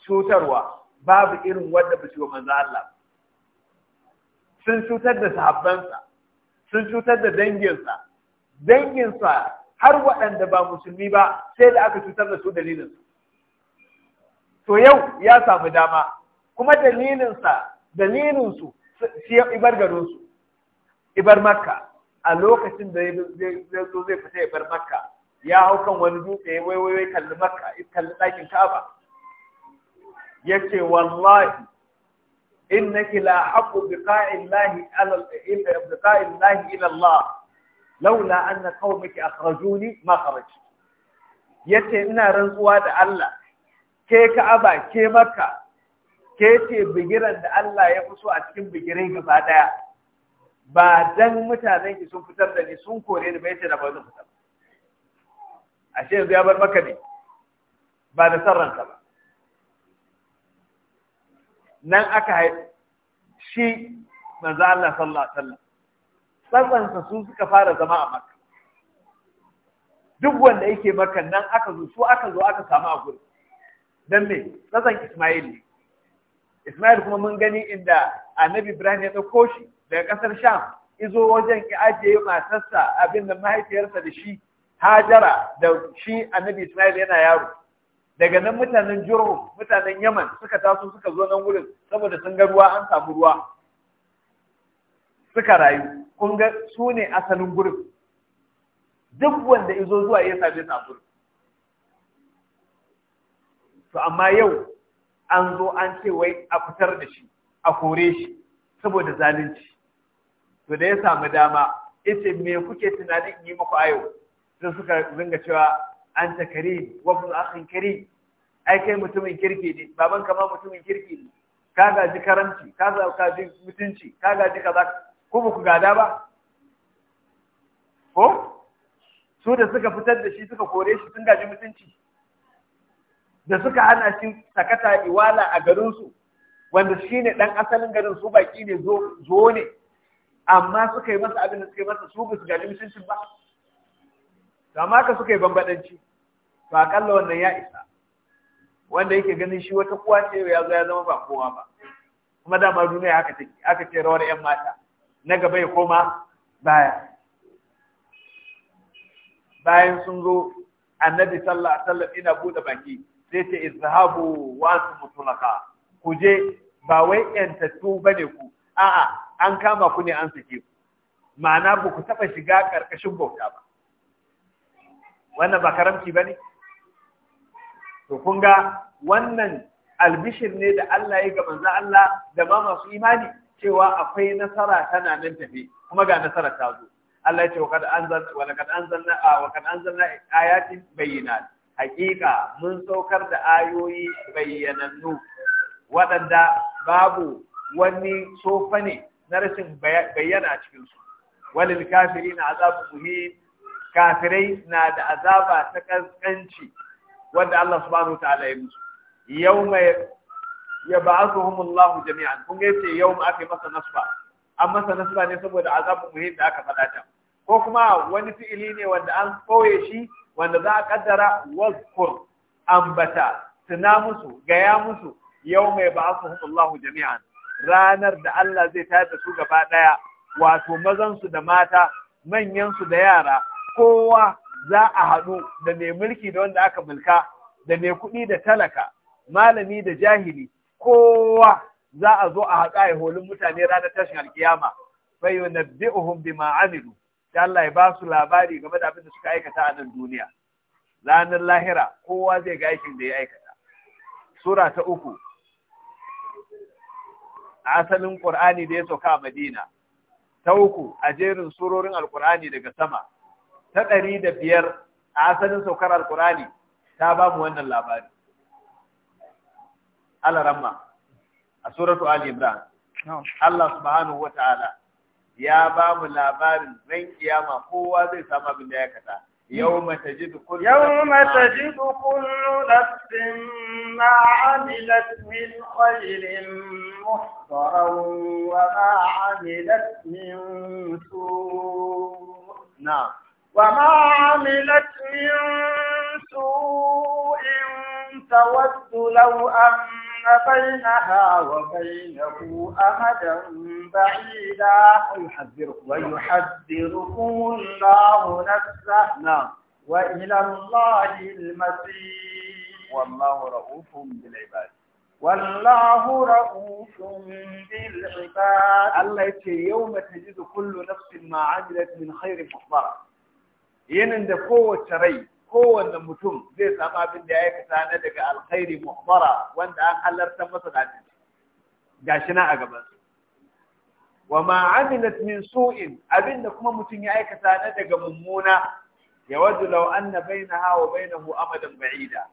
cutarwa babu irin wanda ba wa manza Allah sun cutar da sahabbansa sun cutar da danginsa danginsa har waɗanda ba musulmi ba sai da aka cutar da su dalilinsa to yau ya samu dama kuma dalilinsa dalilinsu shi ya ibar garin su ibar makka a lokacin da ya zo zai fita ibar makka ya hau kan wani dutse wai-wai, kalli makka kalli ɗakin ka'aba ya ce wallahi innaki la haqqu biqa'i llahi ala biqa'i llahi ila allah laula anna qaumaki akhrajuni ma Ya ce ina rantsuwa da Allah ke ka'aba ke makka ke ce bigiran da Allah ya fi so a cikin bigirai gaba daya ba dan mutanen ki sun fitar da ni sun kore ni ba yace da ba zan fitar ashe yanzu ya bar maka ne ba da san ranka ba nan aka haifi shi manzo Allah sallallahu alaihi wasallam tsatsansa su suka fara zama a maka. duk wanda yake maka nan aka zo su aka zo aka samu a gurin dan me tsatsan Ismail Ismail kuma mun gani inda annabi Ibrahim ya ɗauko shi daga ƙasar Sham, izo wajen ya ajiye matarsa abin da mahaifiyarsa da shi Hajara da shi annabi Ismail yana yaro. Daga nan mutanen Jurhum, mutanen Yaman suka taso suka zo nan wurin saboda sun ga ruwa an samu ruwa. Suka rayu, kun ga su ne asalin gurin. Duk wanda izo zuwa ya same su a gurin. To amma yau an zo an ce wai a fitar da shi a kore shi saboda zalunci to da ya samu dama ita me kuke tunanin yi muku ayo sun suka zanga cewa an ta kare wabu akhin kare ai kai mutumin kirki ne baban kama mutumin kirki ne ka gaji karamci ka ji mutunci ka gaji kaza ko ba ku gada ba ko su da suka fitar da shi suka kore shi sun gaji mutunci da suka hana shi sakata iwala a garinsu wanda shi ne ɗan asalin garin su baki ne zo ne amma suka yi masa abin da suka yi masa su ba su gani mutuncin ba amma ka suka yi bambadanci to akalla wannan ya isa wanda yake ganin shi wata kuwa ce ya zo ya zama ba kowa ba kuma dama duniya haka take aka ce rawar yan mata na gaba ya koma baya bayan sun zo annabi sallallahu alaihi wasallam ina bude baki sai ce izhabu wa antum mutlaqa ku je ba wai yantattu bane ku a'a an kama ku ne an sake ku ma'ana ba ku taba shiga karkashin bauta ba wannan ba karamci bane to kun ga wannan albishir ne da Allah ya ga manzo Allah da ma masu imani cewa akwai nasara tana nan tafi kuma ga nasara ta zo Allah ya ce wa kad anzalna wa anzalna wa kad anzalna ayatin bayyinat hakika mun saukar da ayoyi bayyanannu waɗanda babu wani tsofa ne na rashin bayyana a cikinsu walil kafiri na azabu muhi kafirai na da azaba ta kaskanci wanda Allah subhanahu wa ta'ala ya musu yawma yab'athuhum Allah jami'an kun ga ce yawma aka masa nasba an masa nasba ne saboda azabu muhi da aka faɗa ta ko kuma wani fi'ili ne wanda an koye shi wanda za a kaddara wazkur ambata tuna musu gaya musu yau mai ba su Allahu jami'an ranar da Allah zai tayar da su gaba daya wato mazan su da mata manyan su da yara kowa za a haɗu da mai mulki da wanda aka mulka da mai kuɗi da talaka malami da jahili kowa za a zo a haɗa ya holin mutane ranar tashin alkiyama fa yunabbi'uhum bima amilu sai Allah ya ba su labari game da abin da suka aikata a nan duniya ranar lahira kowa zai ga aikin da ya aikata sura ta uku a asalin ƙur'ani da ya sauka a madina ta uku a jerin surorin Alƙur'ani daga sama ta ɗari da biyar a asalin saukar Alƙur'ani, ta ba mu wannan labari ramma a suratu ali Ibrahim, Allah subhanahu wa ta'ala ya ba mu labarin ran kiyama kowa zai samu abin da ya kata yawma tajidu kullu yawma tajidu kullu nafsin ma amilat min khairin muhtaran wa ma amilat min su na wa ma amilat min su'in tawaddu law anna bainaha wa bainahu amadan بعيدا ويحذركم ويحذركم الله نفسه نعم وإلى الله المسير والله رؤوف بالعباد والله رؤوف بالعباد الله يتي يوم تجد كل نفس ما عملت من خير محضرة ينن قوة شري قوة mutum زي سما بندي ايك ساندك الخير na وانت alkhairi muhbara wanda جاشنا اقبل wa ma amilat min su'in abinda kuma mutum ya aikata na daga mummuna ya wajju law anna bainaha wa bainahu amadan ba'ida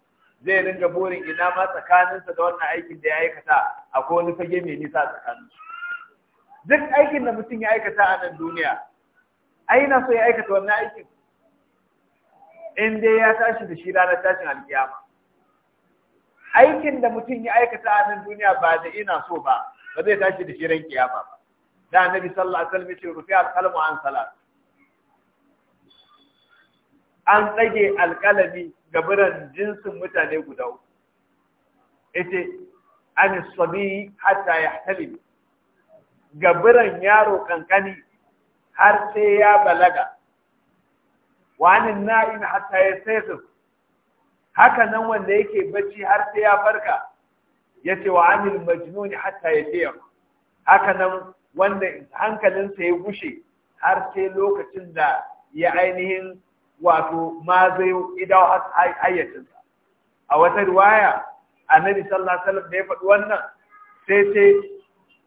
zai ringa burin ina ma tsakaninsa da wannan aikin da ya aikata akwai wani fage mai nisa tsakaninsu duk aikin da mutum ya aikata a nan duniya ai na so ya aikata wannan aikin in dai ya tashi da shi ranar tashin alkiyama aikin da mutum ya aikata a nan duniya ba da ina so ba ba zai tashi da shi ran kiyama ba da annabi sallallahu alaihi wasallam yace rufi alqalamu an salat an tsage alqalami ga biran jinsin mutane guda uku yace an sabi hatta yahtalim ga biran yaro kankani har sai ya balaga wani na'in hatta ya sayar haka nan wanda yake bacci har sai ya farka ya ce wa anil majnuni hatta ya tiyar haka nan wanda hankalinsa ya gushe har sai lokacin da ya ainihin wato ma zai idawo ayyacinsa a wata riwaya annabi sallallahu alaihi wasallam ya faɗi wannan sai sai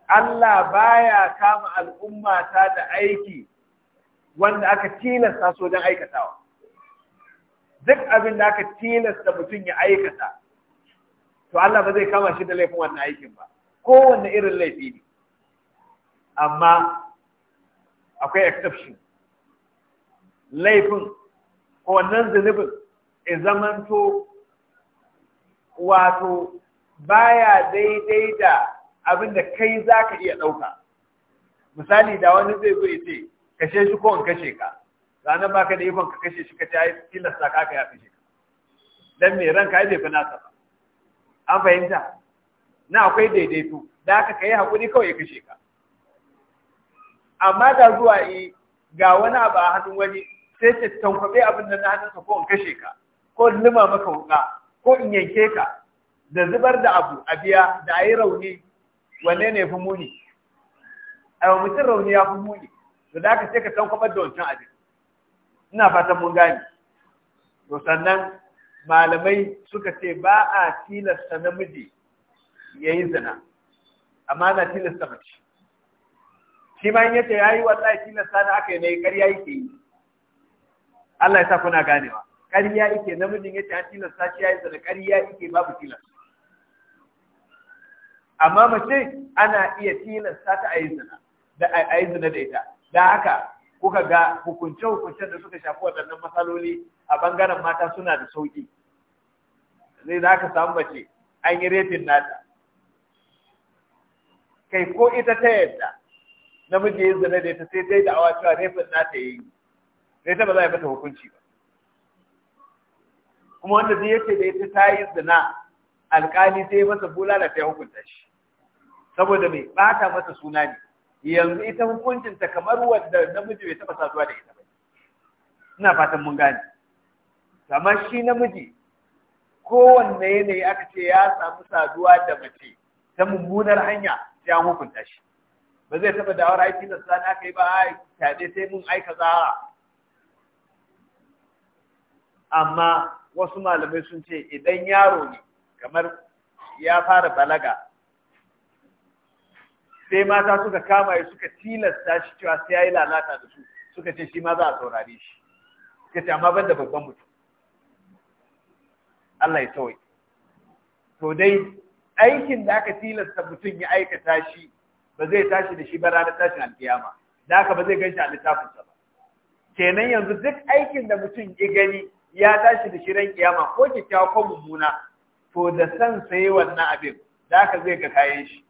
Allah baya kama al'umma ta da aiki wanda aka tilasta so wajen aikatawa duk abin da aka tilasta mutum ya aikata to Allah ba zai kama shi da laifin wannan aikin ba kowanne irin laifi ne amma akwai exception laifin ko wannan zunubin ya zamanto wato baya daidai da abin da kai za ka iya ɗauka misali da wani zai zo ya ce kashe shi ko in kashe ka ranar ba ka da ikon ka kashe shi ka ta yi tilasta ka ya fi ka don mai ranka ya bai nasa ba an fahimta na akwai daidaito da aka kai haƙuri kawai ya kashe ka amma da zuwa yi ga wani abu a hannun wani sai ta tankwabe abin da na hannunka ko in kashe ka ko in lima maka wuka ko in yanke ka da zubar da abu a biya da a yi rauni wanne ne fi muni a yau mutum rauni ya fi muni da aka sai ka tankwabar da wancan abin ina fatan mun gane to sannan malamai suka ce ba a tilasta namiji ya yi zina amma na tilasta mace shi ma yi yayi wallahi tilasta na aka yi ne ƙarya yake yi Allah ya sa kuna ganewa ƙarya yake namijin ce an tilasta shi ya yi sana ƙarya yake babu tilasta amma mace ana iya tilasta ta a yi zina da a yi zina da ita da haka kuka ga hukunce hukuncen da suka shafi waɗannan matsaloli a bangaren mata suna da sauƙi zai za ka samu mace an yi refin nata kai ko ita ta yadda namiji ya zane da ita sai dai da awa cewa refin na ta yi sai ta ba za a mata hukunci ba kuma wanda zai yace da ita ta yi zina alkali sai masa bulala ta hukunta shi saboda mai bata masa suna ne yanzu ita hukuncinta kamar wanda namiji bai taba saduwa da ita ba ina fatan mun gane amma shi namiji kowanne yanayi aka ce ya samu saduwa da mace ta mummunar hanya sai an hukunta shi ba zai taba dawar aiki da sani aka yi ba a fyaɗe sai mun aika a. amma wasu malamai sun ce idan yaro ne kamar ya fara balaga sai mata suka kama ya suka tilasta shi cewa sai ya yi lalata da su suka ce shi ma za a saurare shi suka ce amma ban da babban mutum Allah ya sauyi to dai aikin da aka tilasta mutum ya aikata shi ba zai tashi da shi ba ranar tashin alkiyama da haka ba zai ganshi a littafin sa ba kenan yanzu duk aikin da mutum ya gani ya tashi da shi ran kiyama ko kyakkyawa ko mummuna to da san sai wannan abin da haka zai ga kayan shi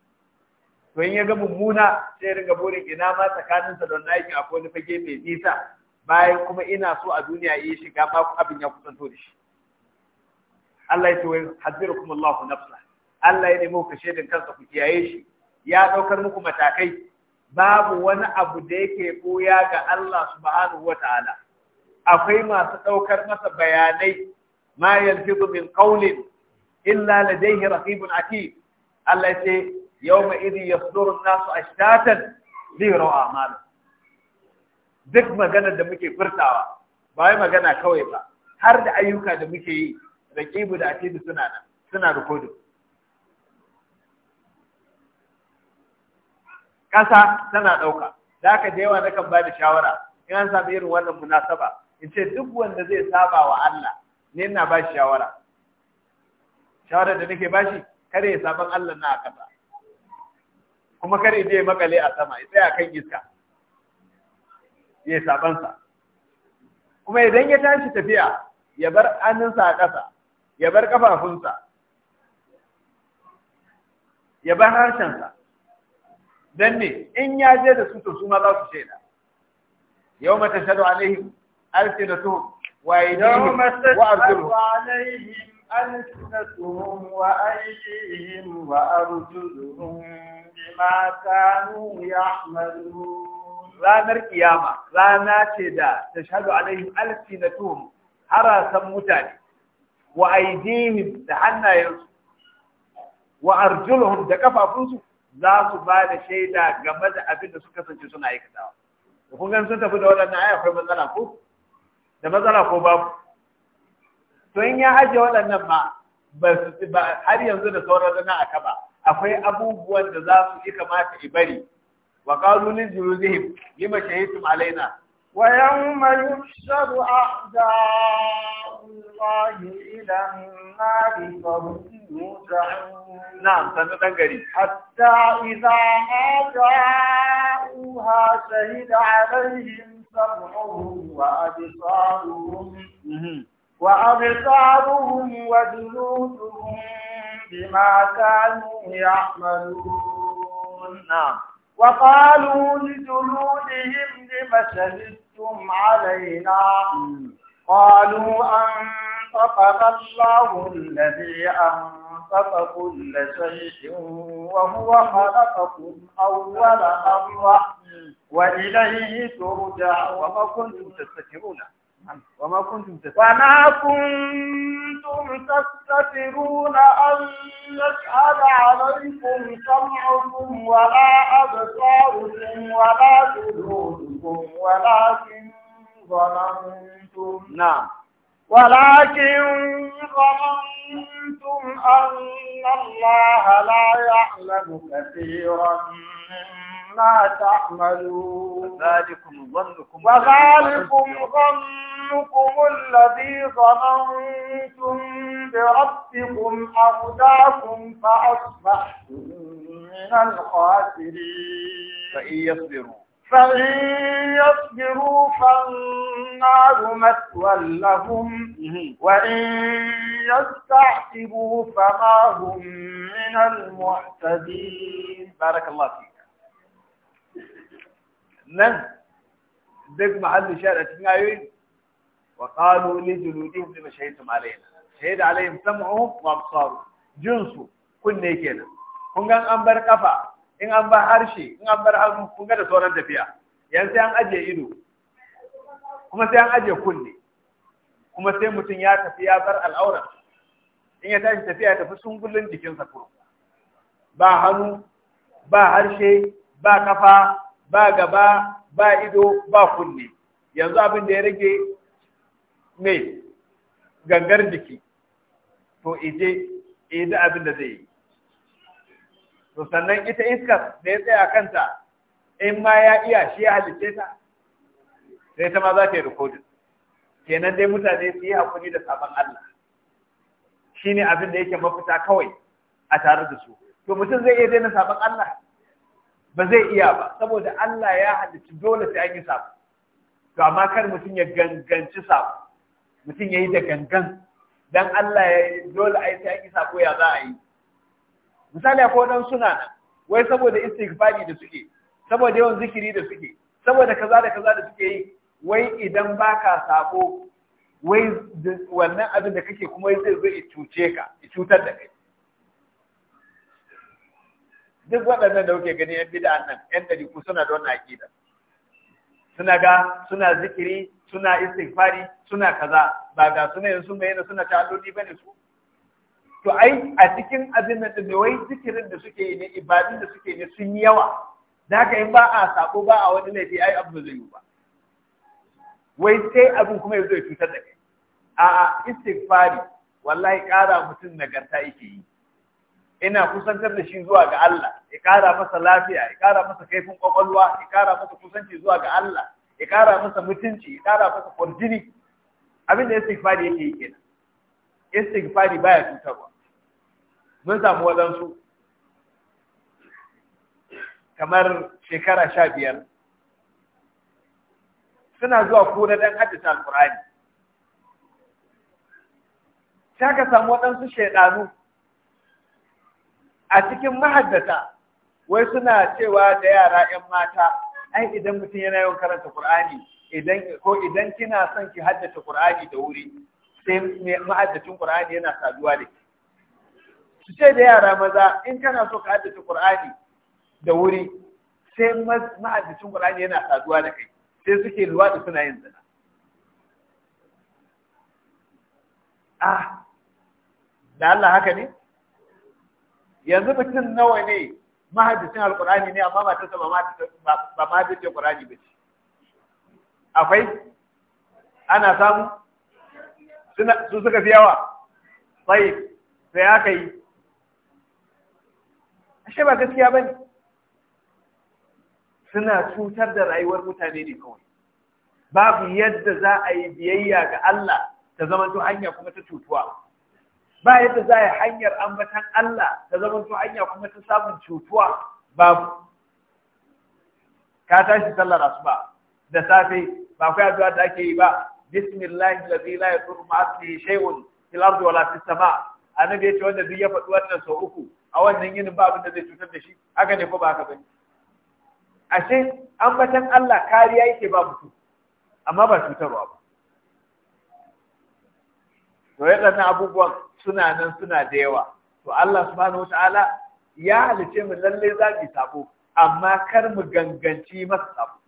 to in ya ga mummuna sai riga burin ina ma tsakanin sa da na yake akwai wani fage mai nisa bayan kuma ina so a duniya yi shiga ma abin ya kusanto da shi Allah ya ce hadirukum Allahu nafsa Allah ya nemo kashe din kansa ku kiyaye shi ya ɗaukar muku matakai babu wani abu da yake ɓoya ga Allah subhanahu wata'ala akwai masu ɗaukar masa bayanai ma yalfidu min qawlin illa ladayhi raqibun atid Allah ya ce yawma idhi yasduru an-nasu ashtatan li yaraw a'mal duk magana da muke furtawa ba wai magana kawai ba har da ayyuka da muke yi raqibu da atid suna nan suna recording ƙasa tana ɗauka da aka je yawa nakan ba da shawara in an samu irin wannan munasaba in ce duk wanda zai saba wa Allah ne ina ba shi shawara shawara da nake ba shi kare ya saban Allah na a ƙasa kuma kare je makale a sama ya tsaya kan iska ya sa kuma idan ya tashi tafiya ya bar hannunsa a ƙasa ya bar ƙafafunsa ya bar harshensa danne in ya je da su to su ma za su shaida yawma tashhadu alaihim alsinatuhum wa aydihim wa arjuluhum ألسنتهم وأيديهم وأرجلهم بما كانوا يعملون ranar kiyama rana ce da ta alaihim alfinatuhum harasan mutane wa aidihim da hannayensu wa arjuluhum da kafafunsu za su ba da shaida game da abin da suka kasance suna aikatawa Da kun gani sun tafi da waɗannan ai akwai matsala ko da matsala ko babu to in ya ajiye waɗannan ma ba har yanzu da sauran na aka ba akwai abubuwan da za su yi kamata bari. wa qalu lil yi lima shahidtum alaina wa yawma yushadu a'da Allah ila an-nar fa نعم سنة قريب حتى إذا ما جاءوها شهد عليهم سمعهم وأبصارهم وأبصارهم وجلودهم بما كانوا يعملون نعم وقالوا لجلودهم لم شهدتم علينا قالوا أن صدق الله الذي أنفق كل شيء وهو خلقكم أول مرة وإليه ترجعون وما كنتم تستكبرون وما كنتم تستكبرون وما كنتم تستكبرون أن يشهد عليكم سمعكم ولا أبصاركم ولا جلودكم ولكن ظننتم نعم ولكن ظننتم أن الله لا يعلم كثيرا مما تعملون وذلكم ظنكم وذلكم ظنكم الذي ظننتم بربكم أرداكم فأصبحتم من الخاسرين فإن يصبروا فإن يصبروا فالنار مثوى لهم وإن يستعتبوا فما هم من المعتدين بارك الله فيك نعم دق محل شارع تنايين وقالوا لجلودهم لما شهدتم علينا شهد عليهم سمعهم وابصارهم جنسوا كنا كده هم gan أنبر bar in an ba harshe in an bar hannu kun ga da sauran tafiya yanzu sai an aje ido kuma sai an aje kunne kuma sai mutum ya tafi ya bar al'aurar in ya tashi tafiya ya tafi sungullin jikinsa kurum ba hannu ba harshe ba kafa ba gaba ba ido ba kunne yanzu abin da ya rage mai gangar jiki to ije da abin da zai yi to sannan ita iskar da ya tsaya kanta in ma ya iya shi ya halice ta sai ta ma za ta yi rikodin kenan dai mutane su yi hakuri da sabon Allah shi ne abin da yake mafita kawai a tare da su to mutum zai iya daina sabon Allah ba zai iya ba saboda Allah ya halicci dole sai an yi sabo to amma kar mutum ya ganganci sabo mutum ya yi da gangan dan Allah ya dole ai sai an yi sabo ya za a yi misali a wadan suna nan wai saboda istighfari da suke saboda yawan zikiri da suke saboda kaza da kaza da suke yi wai idan baka sako, wai wannan abin da kake kuma zai zo ya cuce ka ya cutar da kai duk waɗannan da kuke gani yan bid'a nan yan ku suna don wannan aqida suna ga suna zikiri suna istighfari suna kaza ba ga suna yanzu mai yana suna ta ba bane su to ai a cikin abin da ne wai zikirin da suke yi ne ibadun da suke ne sun yi yawa da haka in ba a sako ba a wani laifi ai abu zai yi ba wai sai abin kuma ya zo ya cutar da kai a istighfari wallahi kara mutum nagarta yake yi ina kusantar da shi zuwa ga Allah ya kara masa lafiya ya kara masa kaifin kwakwalwa ya kara masa kusanci zuwa ga Allah ya kara masa mutunci ya kara masa kwarjini abin da istighfari yake yi kenan istighfari baya cutarwa mun samu waɗansu kamar shekara sha biyar suna zuwa kura don haddasa alkur'ani sai ka samu waɗansu shaidanu a cikin mahaddata wai suna cewa da yara 'yan mata ai idan mutum yana yawan karanta Kur'ani, idan ko idan kina son ki haddace ƙur'ani da wuri sai mai ma'addacin Kur'ani yana saduwa da ke su ce da yara maza in kana so ka haddace Qur'ani da wuri sai ma'addacin Qur'ani yana saduwa da kai sai suke luwaɗi suna yin zina ah da Allah haka ne yanzu mutum nawa ne mahaddacin alkurani ne amma matarsa ba mahaddacin alkurani ba ce akwai ana samu su suka fi yawa sai sai aka yi Sai ba gaskiya ba ne suna cutar da rayuwar mutane ne kawai babu yadda za a yi biyayya ga Allah ta zamanto hanya kuma ta cutuwa ba yadda za a yi hanyar ambatan Allah ta zamanto hanya kuma ta samun cutuwa babu ka tashi sallar asuba da safe ba kai addu'a da ake yi ba bismillahi allazi la yadurru ma'a ismihi shay'un fil ardi wala fis sama' annabi ya ce wanda duk ya faɗi wannan sau uku a wannan yinin ba abin da zai cutar da shi haka ne ko ba haka bane ashe ambatan Allah kariya yake ba mutum amma ba cutarwa ba to na abubuwan suna nan suna da yawa to Allah subhanahu wataala ya halice mu lalle za mu sabo amma kar mu ganganci masa sabo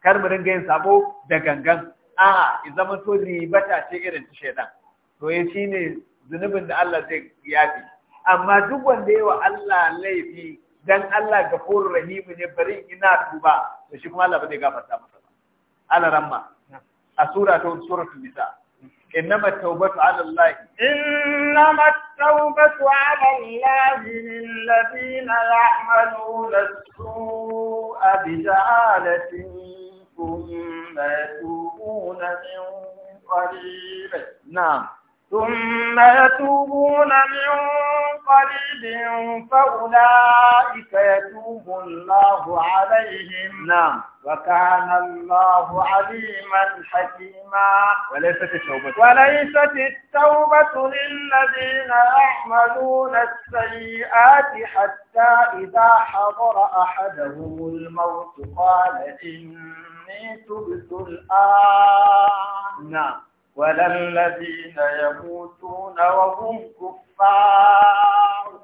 kar mu ringa yin sabo da gangan a'a in zama to ribata ce irin ta shedan to ya shine zunubin da Allah zai yafi amma duk wanda yawa Allah laifi dan Allah ga furu rahimu ne bari ina tuba to shi kuma Allah bane gafarta masa ala ramma a sura ta sura tun bisa innama taubatu ala Allah innama taubatu ala Allah alladhina ya'maluna su'a bi jahalatin thumma yatubuna min qarib na'am ثم يتوبون من قريب فأولئك يتوب الله عليهم نعم وكان الله عليما حكيما وليست التوبة وليست التوبة للذين يعملون السيئات حتى إذا حضر أحدهم الموت قال إني تبت الآن نعم ولا الذين يموتون وهم كفار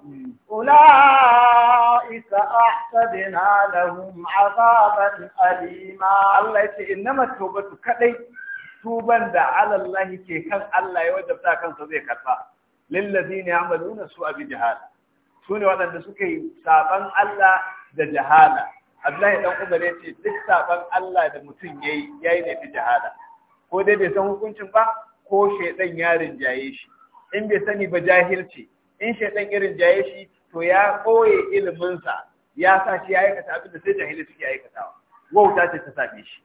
أولئك أعتدنا لهم عذابا أليما الله يتي إنما التوبة كدي توبا دا على الله كي كان الله يوجب كان صديق كفا للذين يعملون سوء بجهالة سوني وأنا نسوكي سابن الله دا جهالة Abdullahi dan Umar ya ce duk saban Allah da mutum yayi yayi ne fi jihada ko dai bai san hukuncin ba ko shaidan ya rinjaye shi in bai sani ba jahilci in shaidan irin rinjaye shi to ya koye iliminsa ya sa shi ya aikata abin da sai jahili suke aikatawa wauta ce ta same shi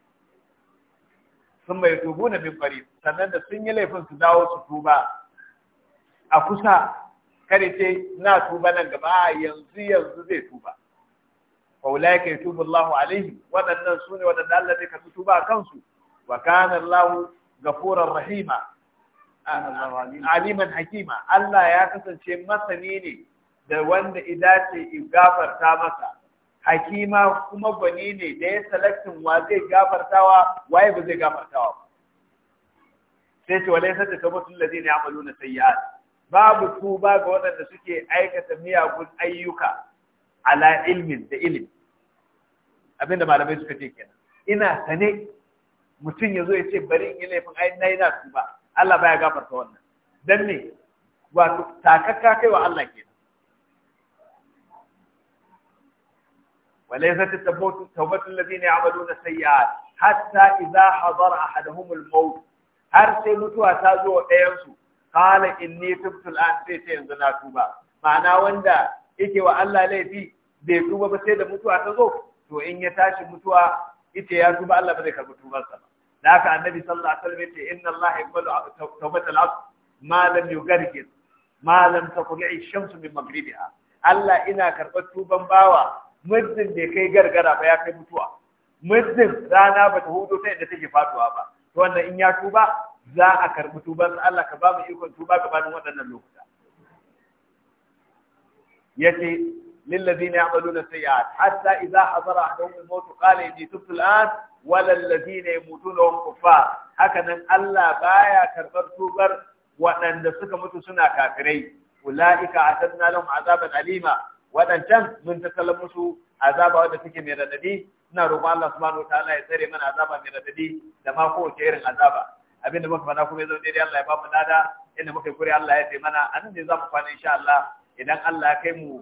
sun mai tubu na min bari sannan da sun yi laifin su dawo su tuba a kusa kare ce na tuba nan gaba yanzu yanzu zai tuba fa ulai tubu yatubu alaihi waɗannan su ne waɗanda Allah ka fi tuba a kansu wa kana Allahu gafuran rahima aliman hakima Allah ya kasance masani ne da wanda idace gafarta masa hakima kuma gwani ne da ya salaktin wa zai gafartawa waye ba zai gafartawa sai ce walai sai ta mutum da zai amalu na sayyi'at babu tuba ga waɗanda suke aikata miyagun ayyuka ala ilmin da ilimi abinda malamai suka ce kenan ina sane mutum ya zo ya ce bari in yi laifin ai na yi na su ba Allah baya gafarta wannan dan ne wato takakka kai wa Allah kenan وليست التوبة توبة na يعملون السيئات حتى إذا حضر أحدهم الموت har sai mutuwa ta zo ɗayansu kala inni tubtu al'an sai ce yanzu na tuba ma'ana wanda yake wa Allah laifi bai tuba ba sai da mutuwa ta zo to in ya tashi mutuwa ita ya tuba Allah ba zai karɓi tubarsa ba da haka annabi sallallahu alaihi wasallam yace inna Allah yaqbalu tawbatal abd ma lam yugargir ma lam taqli'i shamsu min maghribiha Allah ina karɓar tuban bawa muddin da kai gargara ba ya kai mutuwa muddin rana ba ta hudo ta inda take faduwa ba to wannan in ya tuba za a karɓi tuban Allah ka ba mu ikon tuba gabanin waɗannan lokuta yace للذين يعملون السيئات حتى إذا حضر أحدهم الموت قال إني تبت الآن ولا الذين يموتون وهم كفار هكذا ألا بايا كربر توبر وأن دسك متسنا كافري أولئك أعتدنا لهم عذابا أليما وأن كان من تسلمسوا عذابا ودفك من النبي نروب الله سبحانه وتعالى يسري من عذابا من النبي لما هو كير عذابا abinda muka fada kuma yazo dai Allah ya ba mu lada inda muka kure Allah ya taimana anan ne za mu kwana insha Allah idan Allah ya kai mu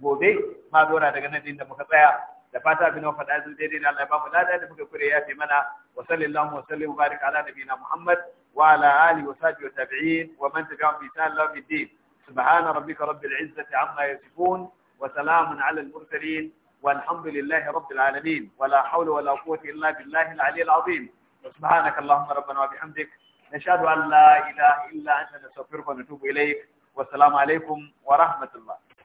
gobe ma zauna daga nan da muka tsaya da fata bin wa faɗa zuwa daidai na Allah ya bamu lada da muka kure ya fi mana wa sallallahu wa sallim barik ala nabiyina Muhammad wa ala alihi wa sahbihi wa tabi'in wa man tabi'ahum bi ihsan ila yawmiddin subhana rabbika rabbil izzati amma yasifun wa salamun ala al mursalin والحمد لله رب العالمين ولا حول ولا قوة إلا بالله العلي العظيم سبحانك اللهم ربنا وبحمدك نشهد أن لا إله إلا أنت نستغفرك ونتوب إليك والسلام عليكم ورحمة الله